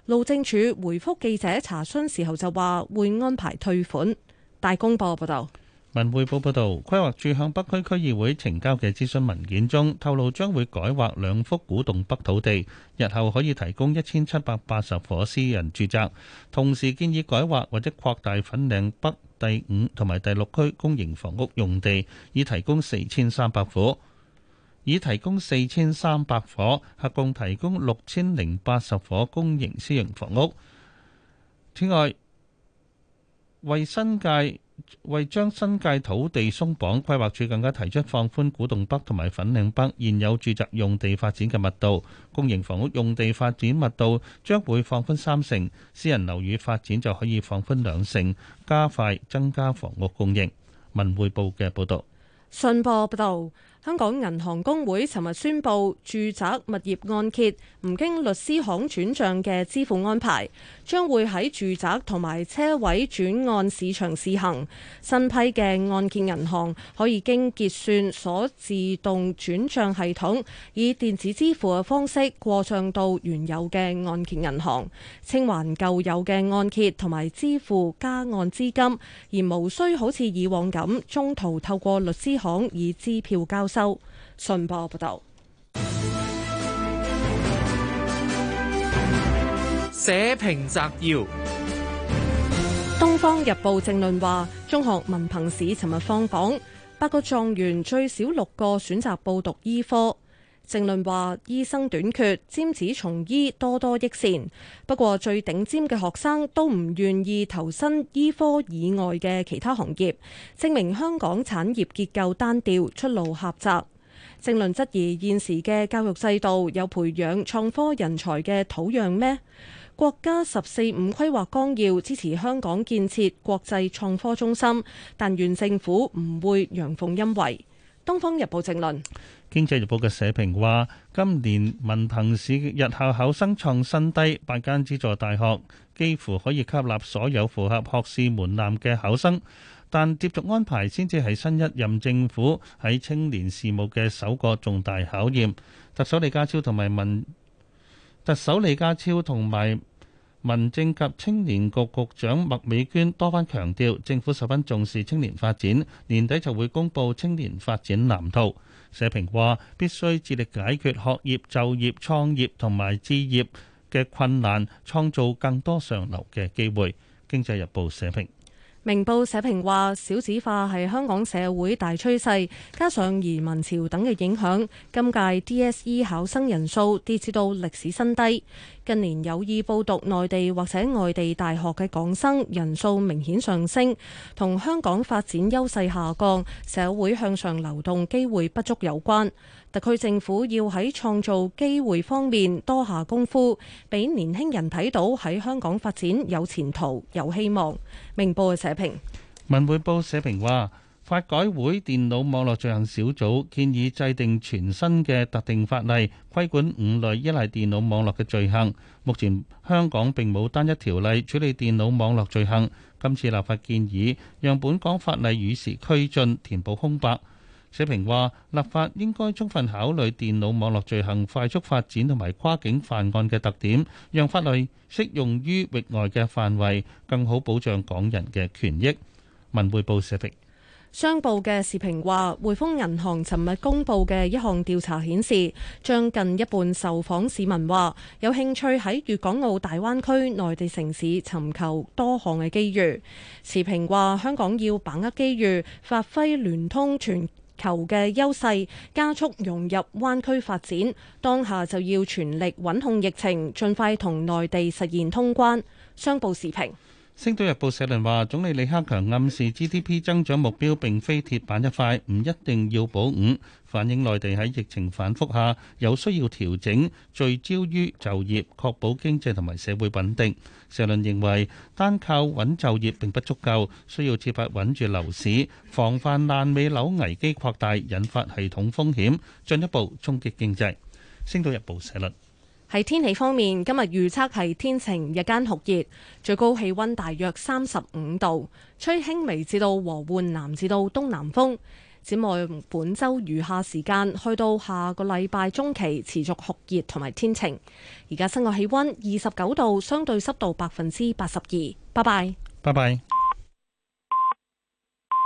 路政署回覆記者查詢時候就話會安排退款。大公報報道。文匯報報道，規劃署向北區區議會呈交嘅諮詢文件中，透露將會改劃兩幅古洞北土地，日後可以提供一千七百八十夥私人住宅。同時建議改劃或者擴大粉嶺北第五同埋第六區公營房屋用地，以提供四千三百夥。以提供四千三百夥，合共提供六千零八十夥公營私營房屋。此外，為新界。為將新界土地鬆綁，規劃署更加提出放寬古洞北同埋粉嶺北現有住宅用地發展嘅密度，公營房屋用地發展密度將會放寬三成，私人樓宇發展就可以放寬兩成，加快增加房屋供應。文匯報嘅報道，信報報道。香港銀行公會尋日宣布，住宅物業按揭唔經律師行轉賬嘅支付安排，將會喺住宅同埋車位轉按市場試行。新批嘅按揭銀行可以經結算所自動轉賬系統，以電子支付嘅方式過帳到原有嘅按揭銀行，清還舊有嘅按揭同埋支付加按資金，而無需好似以往咁中途透過律師行以支票交。收信報報道，社評摘要。《東方日報》正論話，中學文憑試尋日放榜，八個狀元最少六個選擇報讀醫科。政論話醫生短缺，尖子從醫多多益善。不過最頂尖嘅學生都唔願意投身醫科以外嘅其他行業，證明香港產業結構單調，出路狹窄。政論質疑現時嘅教育制度有培養創科人才嘅土壤咩？國家十四五規劃綱要支持香港建設國際創科中心，但願政府唔會陽奉陰違。《東方日報》正論，《經濟日報》嘅社評話：今年文憑試日校考生創新低，八間資助大學幾乎可以吸納所有符合學士門檻嘅考生，但接續安排先至係新一任政府喺青年事務嘅首個重大考驗。特首李家超同埋文，特首李家超同埋。民政及青年局局長麥美娟多番強調，政府十分重視青年發展，年底就會公布青年發展藍圖。社評話，必須致力解決學業、就業、創業同埋置業嘅困難，創造更多上流嘅機會。《經濟日報》社評，明報社評話，少子化係香港社會大趨勢，加上移民潮等嘅影響，今屆 DSE 考生人數跌至到歷史新低。近年有意報讀內地或者外地大學嘅港生，人數明顯上升，同香港發展優勢下降、社會向上流動機會不足有關。特區政府要喺創造機會方面多下功夫，俾年輕人睇到喺香港發展有前途、有希望。明報嘅社評。文匯報社評話。法改會電腦網絡罪行小組建議制定全新嘅特定法例，規管五類依賴電腦網絡嘅罪行。目前香港並冇單一條例處理電腦網絡罪行。今次立法建議讓本港法例與時俱進，填補空白。社評話，立法應該充分考慮電腦網絡罪行快速發展同埋跨境犯案嘅特點，讓法例適用於域外嘅範圍，更好保障港人嘅權益。文匯報社評。商報嘅時評話，匯豐銀行尋日公布嘅一項調查顯示，將近一半受訪市民話有興趣喺粵港澳大灣區內地城市尋求多項嘅機遇。時評話，香港要把握機遇，發揮聯通全球嘅優勢，加速融入灣區發展。當下就要全力穩控疫情，盡快同內地實現通關。商報時評。《星島日報》社論話：總理李克強暗示 GDP 增長目標並非鐵板一塊，唔一定要保五，反映內地喺疫情反覆下有需要調整，聚焦於就業，確保經濟同埋社會穩定。社論認為，單靠穩就業並不足夠，需要設法穩住樓市，防範爛尾樓危機擴大，引發系統風險，進一步衝擊經濟。《星島日報》社論。喺天氣方面，今日預測係天晴日間酷熱，最高氣溫大約三十五度，吹輕微至到和緩南至到東南風。展望本周餘下時間，去到下個禮拜中期持續酷熱同埋天晴。而家室外氣溫二十九度，相對濕度百分之八十二。拜拜。拜拜。